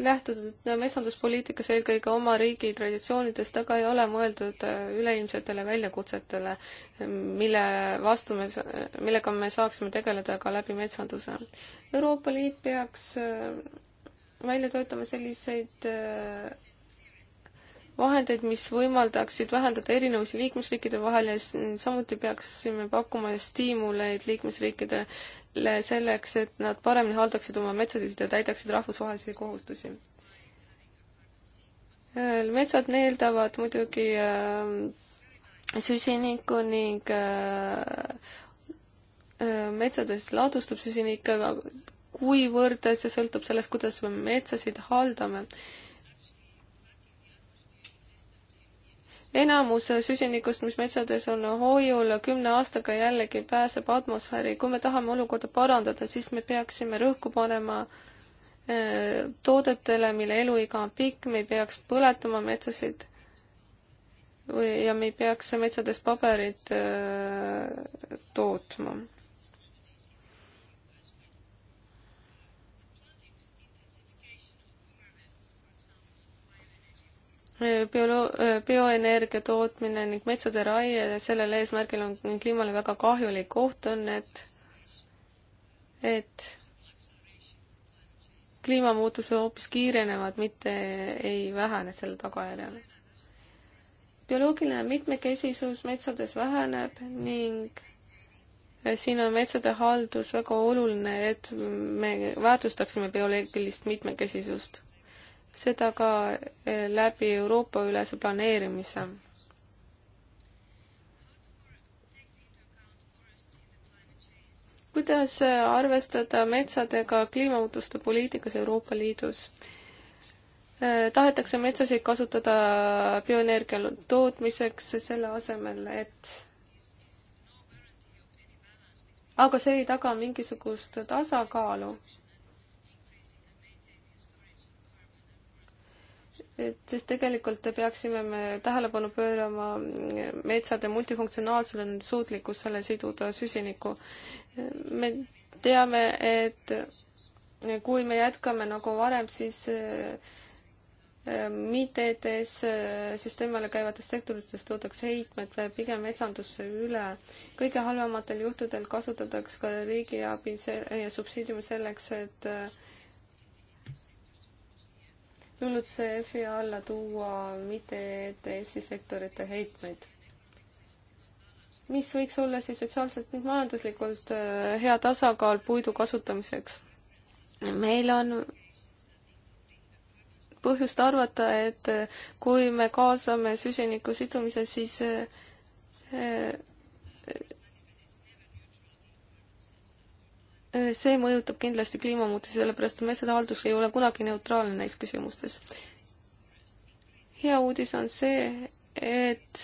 lähtutud metsanduspoliitikas eelkõige oma riigi traditsioonidest, aga ei ole mõeldud äh, üleilmsetele väljakutsetele, ehm, mille vastu me, millega me saaksime tegeleda ka läbi metsanduse. Euroopa Liit peaks äh, välja töötama selliseid äh, vahendeid, mis võimaldaksid vähendada erinevusi liikmesriikide vahel ja samuti peaksime pakkuma stiimuleid liikmesriikide selleks, et nad paremini haldaksid oma metsasid ja täidaksid rahvusvahelisi kohustusi. Äh, metsad neeldavad muidugi äh, süsinikku ning äh, metsades ladustub süsinik, aga kuivõrd see sõltub sellest, kuidas me metsasid haldame enamus süsinikust, mis metsades on hoiul, kümne aastaga jällegi pääseb atmosfääri. kui me tahame olukorda parandada, siis me peaksime rõhku panema eh, toodetele, mille eluiga on pikk, me ei peaks põletama metsasid või, ja me ei peaks metsades paberit eh, tootma biolo-, bioenergia tootmine ning metsade raie sellel eesmärgil on kliimale väga kahjulik. oht on, et, et kliimamuutused hoopis kiirenevad, mitte ei vähene selle tagajärjel. bioloogiline mitmekesisus metsades väheneb ning siin on metsade haldus väga oluline, et me väärtustaksime bioloogilist mitmekesisust seda ka eh, läbi Euroopa-ülese planeerimise. kuidas eh, arvestada metsadega kliimamuutuste poliitikas Euroopa Liidus? Eh, tahetakse metsasid kasutada bioenergia tootmiseks selle asemel, et aga see ei taga mingisugust tasakaalu et sest tegelikult peaksime me tähelepanu pöörama eh, metsade multifunktsionaalsusele, nende suutlikkusele siduda süsinikku. me teame, et eh, kui me jätkame nagu varem, siis eh, mitte ETS süsteemile käivatest sektoritest toodakse heitmed pigem metsandusse üle. kõige halvematel juhtudel kasutatakse ka riigiabi ja subsiidiume selleks, et LULUCF-i alla tuua mitte ETS-i sektorite heitmeid. mis võiks olla siis sotsiaalselt ning majanduslikult äh, hea tasakaal puidu kasutamiseks? meil on põhjust arvata, et äh, kui me kaasame süsiniku sidumise, siis äh, Äh, see mõjutab kindlasti kliimamuutusi, sellepärast et metsade haldus ei ole kunagi neutraalne neis küsimustes. hea uudis on see, et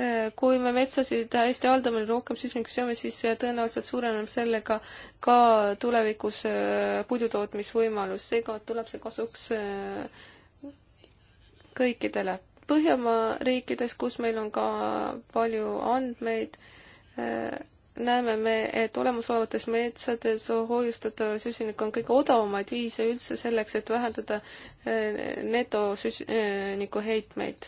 äh, kui me metsasid hästi haldame rohkem süsinikku seome, siis tõenäoliselt suureneb sellega ka tulevikus äh, puidutootmisvõimalus, seega tuleb see kasuks kõikidele. Põhjamaa riikides, kus meil on ka palju andmeid, näeme me, et olemasolevates metsades hoiustatav süsinik on kõige odavamaid viise üldse selleks, et vähendada eh, netosüsiniku heitmeid.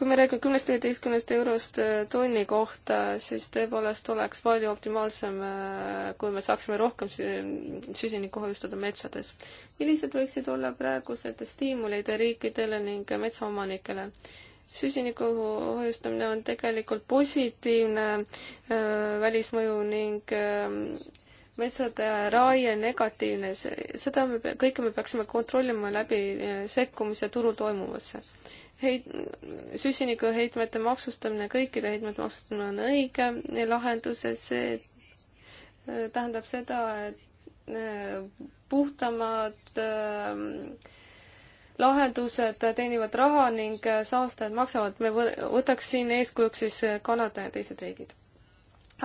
kui me räägime kümnest, üheteistkümnest eurost eh, tonni kohta, siis tõepoolest oleks palju optimaalsem, eh, kui me saaksime rohkem süsinikku hoiustada metsades. millised võiksid olla praegused stiimulid riikidele ning metsaomanikele? süsiniku hoiustamine on tegelikult positiivne äh, välismõju ning äh, metsade raie negatiivne, seda me, kõike me peaksime kontrollima läbi äh, sekkumise turul toimuvasse. heit-, süsiniku heitmete maksustamine, kõikide heitmete maksustamine on õige lahendus ja see äh, tähendab seda, et äh, puhtamad äh, lahendused teenivad raha ning äh, saastajad maksavad, me võtaks siin eeskujuks siis äh, Kanada ja teised riigid.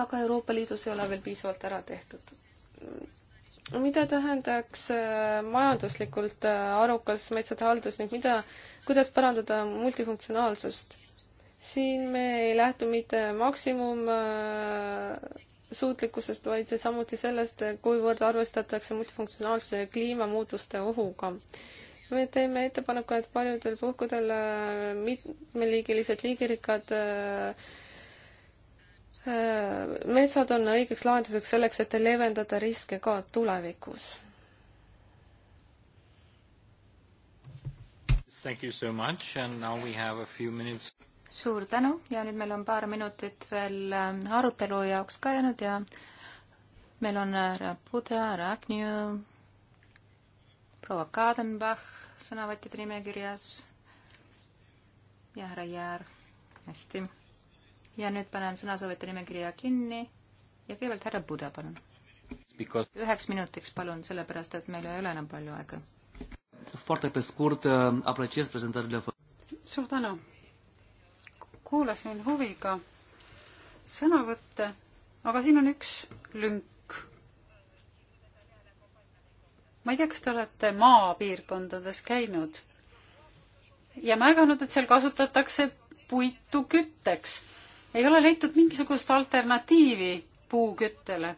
aga Euroopa Liidus ei ole veel piisavalt ära tehtud. mida tähendaks äh, majanduslikult arukas metsade haldus ning mida, kuidas parandada multifunktsionaalsust? siin me ei lähtu mitte maksimum suutlikkusest, vaid samuti sellest, kuivõrd arvestatakse multifunktsionaalsuse ja kliimamuutuste ohuga me teeme ettepaneku, et paljudel puhkudel äh, mitmeliigilised liigirikkad äh, äh, metsad on õigeks lahenduseks selleks, et leevendada riske ka tulevikus. Thank you so much and now we have a few minutes. suur tänu ja nüüd meil on paar minutit veel arutelu jaoks ka jäänud ja meil on härra Buda, härra Agnew proua Kadenbach sõnavõtjate nimekirjas ja härra Jäär. hästi. ja nüüd panen sõnasoovijate nimekirja kinni ja kõigepealt härra Buda, palun. üheks minutiks, palun, sellepärast et meil ei ole enam palju aega. suur tänu. kuulasin huviga sõnavõtte, aga siin on üks lünk ma ei tea, kas te olete maapiirkondades käinud ja märganud, et seal kasutatakse puitu kütteks. ei ole leitud mingisugust alternatiivi puuküttele.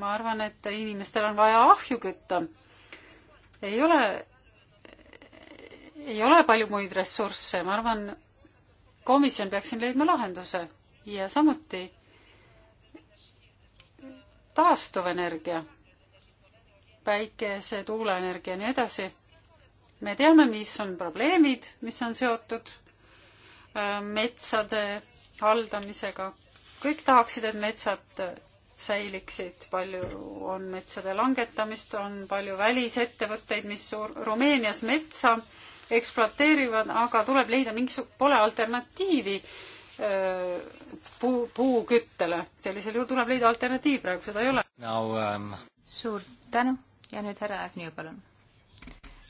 ma arvan, et inimestel on vaja ahju kütta. ei ole, ei ole palju muid ressursse, ma arvan, komisjon peaks siin leidma lahenduse ja samuti taastuvenergia päikese, tuuleenergia ja nii edasi. me teame, mis on probleemid, mis on seotud äh, metsade haldamisega. kõik tahaksid, et metsad säiliksid, palju on metsade langetamist, on palju välisettevõtteid, mis Rumeenias metsa ekspluateerivad, aga tuleb leida mingisugune, pole alternatiivi äh, puu, puuküttele. sellisel juhul tuleb leida alternatiiv, praegu seda ei ole. Um... suur tänu ja nüüd härra Agnew, palun.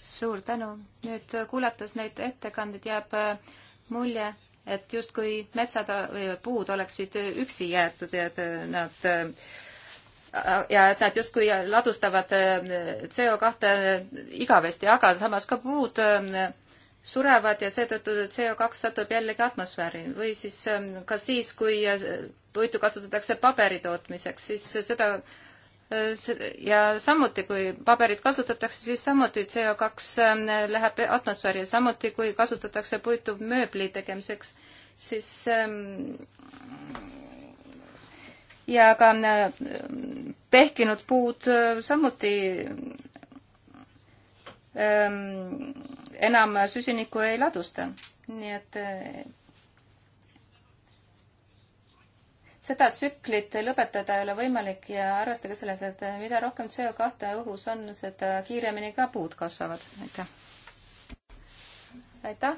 suur tänu. nüüd kuulates neid ettekandeid jääb äh, mulje, et justkui metsad, äh, puud oleksid äh, üksi jäetud ja et nad ja et nad justkui ladustavad CO2 igavesti, aga samas ka puud surevad ja seetõttu CO2 satub jällegi atmosfääri või siis ka siis, kui puitu kasutatakse paberi tootmiseks, siis seda ja samuti, kui paberit kasutatakse, siis samuti CO2 ähm, läheb atmosfääri ja samuti, kui kasutatakse puitu mööbli tegemiseks, siis ähm, ja ka äh, pehkinud puud äh, samuti ähm, enam süsinikku ei ladusta, nii et äh, seda tsüklit lõpetada ei ole võimalik ja arvestage sellega, et mida rohkem CO2 õhus on, seda kiiremini ka puud kasvavad. aitäh. aitäh.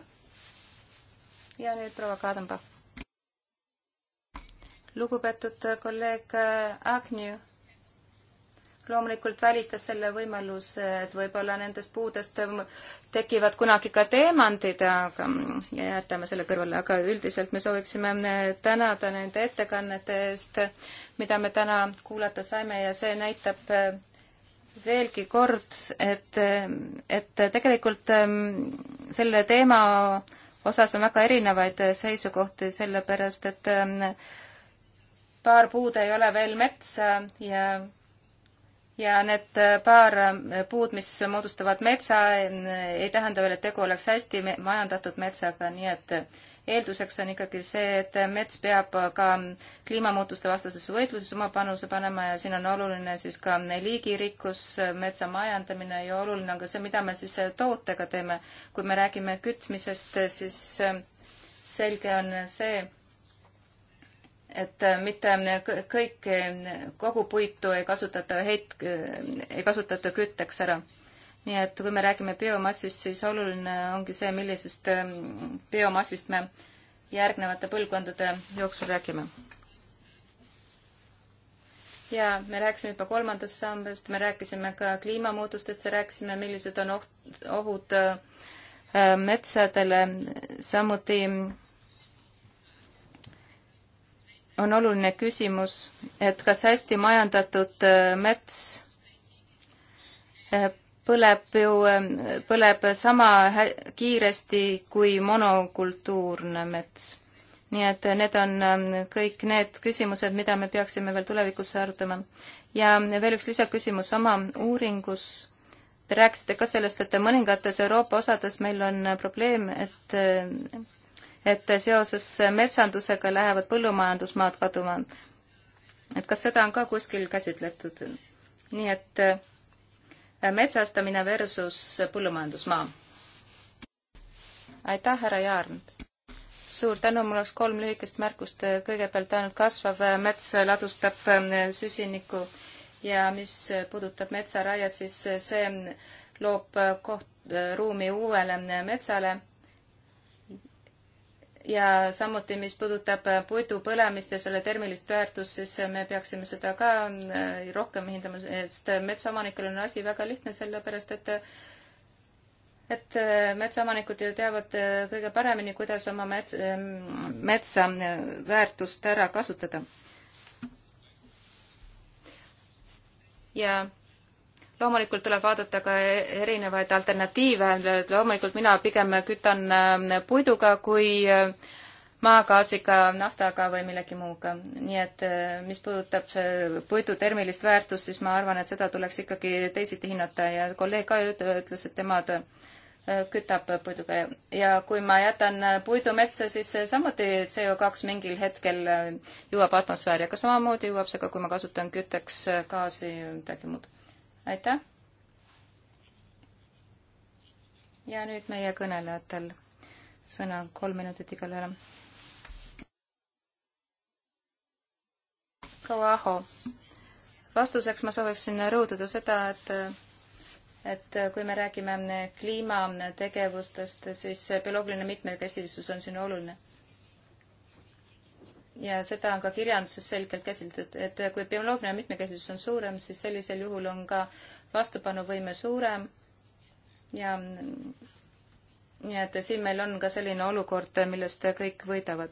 ja nüüd proua Kadenbach. lugupeetud kolleeg Agnew loomulikult välistas selle võimaluse, et võib-olla nendest puudest tekivad kunagi ka teemandid, aga jätame selle kõrvale, aga üldiselt me sooviksime tänada nende ettekannete eest, mida me täna kuulata saime ja see näitab eh, veelgi kord, et, et tegelikult eh, selle teema osas on väga erinevaid seisukohti, sellepärast et eh, paar puud ei ole veel metsa ja ja need äh, paar äh, puud, mis moodustavad metsa, äh, ei tähenda veel, et tegu oleks hästi majandatud metsaga, nii et eelduseks on ikkagi see, et mets peab ka kliimamuutuste vastases võitluses oma panuse panema ja siin on oluline siis ka liigirikkus, metsa majandamine ja oluline on ka see, mida me siis tootega teeme. kui me räägime kütmisest, siis selge on see, et äh, mitte äh, kõik, äh, kogu puitu ei kasutata heit-, ei kasutata kütteks ära. nii et kui me räägime biomassist, siis oluline ongi see, millisest ähm, biomassist me järgnevate põlvkondade jooksul räägime. ja me rääkisime juba kolmandast sambast, me rääkisime ka kliimamuutustest ja rääkisime, millised on oht, ohud metsadele, samuti on oluline küsimus, et kas hästi majandatud äh, mets äh, põleb ju, äh, põleb sama kiiresti kui monokultuurne mets. nii et need on ähm, kõik need küsimused, mida me peaksime veel tulevikus arutama. ja veel üks lisaküsimus, oma uuringus te rääkisite ka sellest, et mõningates Euroopa osades meil on probleem, et et seoses metsandusega lähevad põllumajandusmaad kaduma. et kas seda on ka kuskil käsitletud? nii et äh, metsastamine versus põllumajandusmaa. aitäh, härra Jaarn! suur tänu, mul oleks kolm lühikest märkust. kõigepealt ainult kasvav mets ladustab äh, süsinikku ja mis puudutab metsaraiet, siis see loob koht, äh, ruumi uuele metsale ja samuti, mis puudutab äh, puidu põlemist ja selle termilist väärtust, siis äh, me peaksime seda ka äh, rohkem hindama, sest metsaomanikel on asi väga lihtne, sellepärast et et metsaomanikud ju teavad kõige paremini, kuidas oma mets, metsa väärtust ära kasutada. ja loomulikult tuleb vaadata ka erinevaid alternatiive, loomulikult mina pigem kütan äh, puiduga kui äh, maagaasiga, naftaga või millegi muuga. nii et äh, mis puudutab see puidu termilist väärtust, siis ma arvan, et seda tuleks ikkagi teisiti hinnata ja kolleeg ka ütles, et temad kütab puiduga ja kui ma jätan puidu metsa, siis samuti CO2 mingil hetkel jõuab atmosfääri, aga samamoodi jõuab see ka, kui ma kasutan kütteks gaasi või midagi muud aitäh! ja nüüd meie kõnelejatel sõna kolm minutit igalühel. proua Aho, vastuseks ma sooviksin rõhutada seda, et et kui me räägime kliimategevustest, siis bioloogiline mitmekesisus on siin oluline ja seda on ka kirjanduses selgelt käsitletud, et kui bioloogiline mitmekesisus on suurem, siis sellisel juhul on ka vastupanuvõime suurem ja nii et siin meil on ka selline olukord, millest kõik võidavad.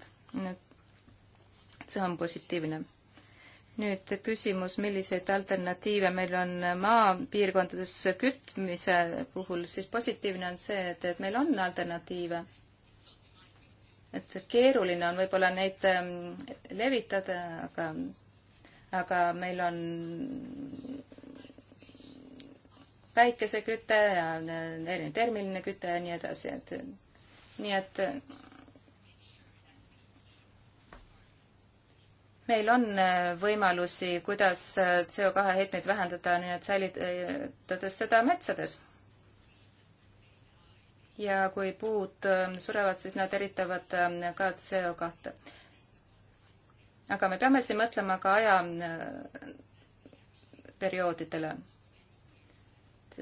see on positiivne. nüüd küsimus, milliseid alternatiive meil on maapiirkondades kütmise puhul, siis positiivne on see, et, et meil on alternatiive et keeruline on võib-olla neid ähm, levitada, aga, aga meil on päikeseküte ja erinev termiline küte ja nii edasi, et nii et meil on äh, võimalusi, kuidas äh, CO2 heitmeid vähendada, nii et säilitades seda metsades ja kui puud ähm, surevad, siis nad eritavad ähm, ka CO2. aga me peame siin mõtlema ka aja äh, perioodidele.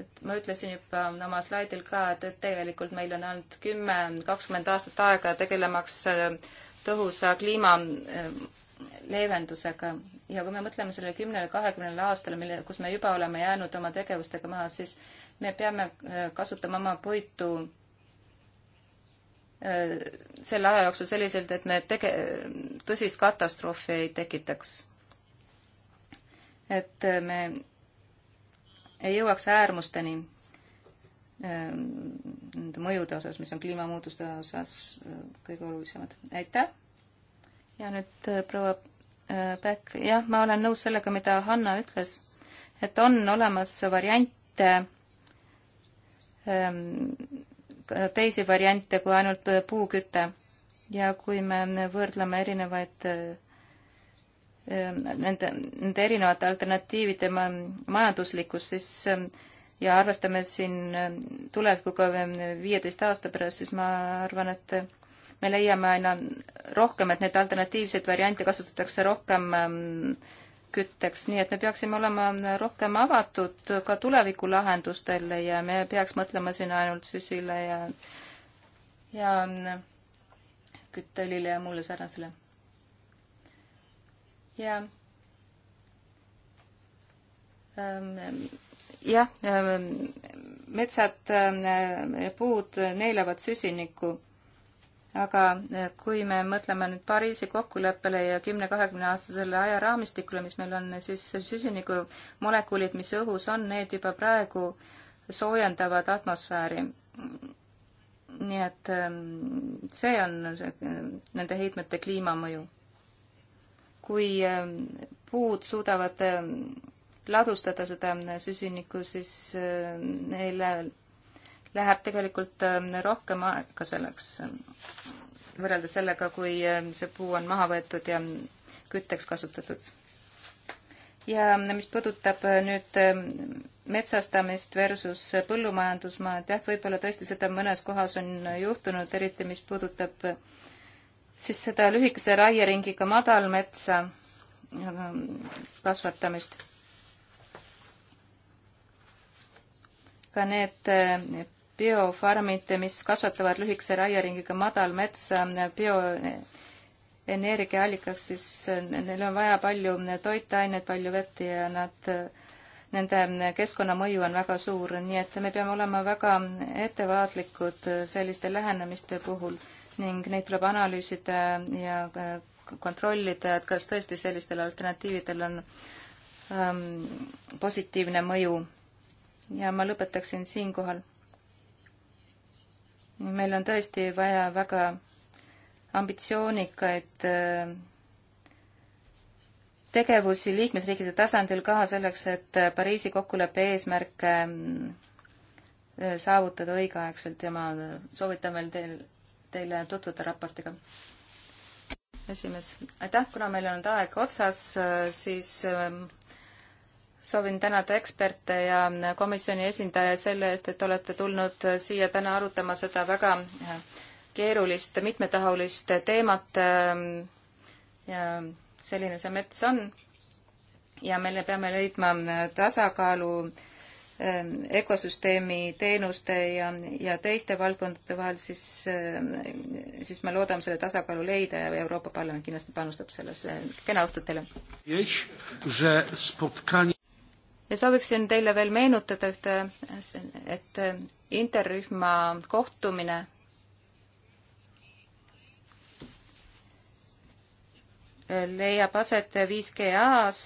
et ma ütlesin juba oma slaidil ka, et, et tegelikult meil on olnud kümme, kakskümmend aastat aega tegelemaks äh, tõhusa kliima äh, leevendusega ja kui me mõtleme sellele kümnele, kahekümnele aastale, mille, kus me juba oleme jäänud oma tegevustega maha, siis me peame kasutama oma puitu Äh, selle aja jooksul selliselt, et me tege-, tõsist katastroofi ei tekitaks. et äh, me ei jõuaks äärmusteni äh, nende mõjude osas, mis on kliimamuutuste osas kõige olulisemad. aitäh! ja nüüd proua Päkk, jah, ma olen nõus sellega, mida Hanna ütles, et on olemas variante ähm, teisi variante kui ainult puuküte. ja kui me võrdleme erinevaid äh, nende, nende erinevate alternatiivide majanduslikkust, siis äh, ja arvestame siin äh, tulevikuga viieteist aasta pärast, siis ma arvan, et me leiame aina rohkem, et neid alternatiivseid variante kasutatakse rohkem äh, kütteks, nii et me peaksime olema rohkem avatud ka tulevikulahendustele ja me ei peaks mõtlema siin ainult süsile ja, ja kütteõlile ja muule sarnasele. ja ähm, jah ähm,, metsad ähm, ja ähm,, puud neelavad süsinikku aga eh, kui me mõtleme nüüd Pariisi kokkuleppele ja kümne-kahekümne aastasele ajaraamistikule, mis meil on, siis süsinikumolekulid, mis õhus on, need juba praegu soojendavad atmosfääri. nii et ehm, see on nende heitmete kliimamõju. kui ehm, puud suudavad ehm, ladustada seda süsinikku, siis neile läheb tegelikult ähm, rohkem aega selleks, ähm, võrreldes sellega, kui ähm, see puu on maha võetud ja kütteks kasutatud. ja mis puudutab äh, nüüd metsastamist versus äh, põllumajandusmaad, jah, võib-olla tõesti seda mõnes kohas on äh, juhtunud, eriti mis puudutab siis seda lühikese raieringiga madalmetsa kasvatamist. ka need biofarmid, mis kasvatavad lühikese raieringiga madalmetsa bioenergiaallikaks, siis eh, neil on vaja palju toitaineid, palju vett ja nad, eh, nende keskkonnamõju on väga suur, nii et me peame olema väga ettevaatlikud eh, selliste lähenemiste puhul ning neid tuleb analüüsida ja kontrollida, et kas tõesti sellistel alternatiividel on ähm, positiivne mõju. ja ma lõpetaksin siinkohal meil on tõesti vaja väga ambitsioonikaid äh, tegevusi liikmesriikide tasandil ka selleks, et Pariisi kokkuleppe eesmärke äh, äh, saavutada õigeaegselt ja ma soovitan veel teil, teile tutvuda raportiga. esimees, aitäh, kuna meil on nüüd aeg otsas, siis ähm, soovin tänada eksperte ja komisjoni esindajaid selle eest, et olete tulnud siia täna arutama seda väga äh, keerulist, mitmetahulist teemat. Ähm, ja selline see mets on. ja me peame leidma äh, tasakaalu ökosüsteemi ähm, teenuste ja, ja teiste valdkondade vahel, siis, äh, siis me loodame selle tasakaalu leida ja Euroopa Parlament kindlasti panustab sellesse. kena õhtut teile! ja sooviksin teile veel meenutada ühte, et interrühma kohtumine leiab aset 5GA-s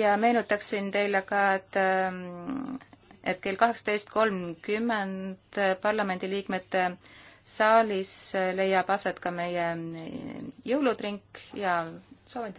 ja meenutaksin teile ka, et et kell kaheksateist kolmkümmend parlamendiliikmete saalis leiab aset ka meie jõulutrink ja soovin teile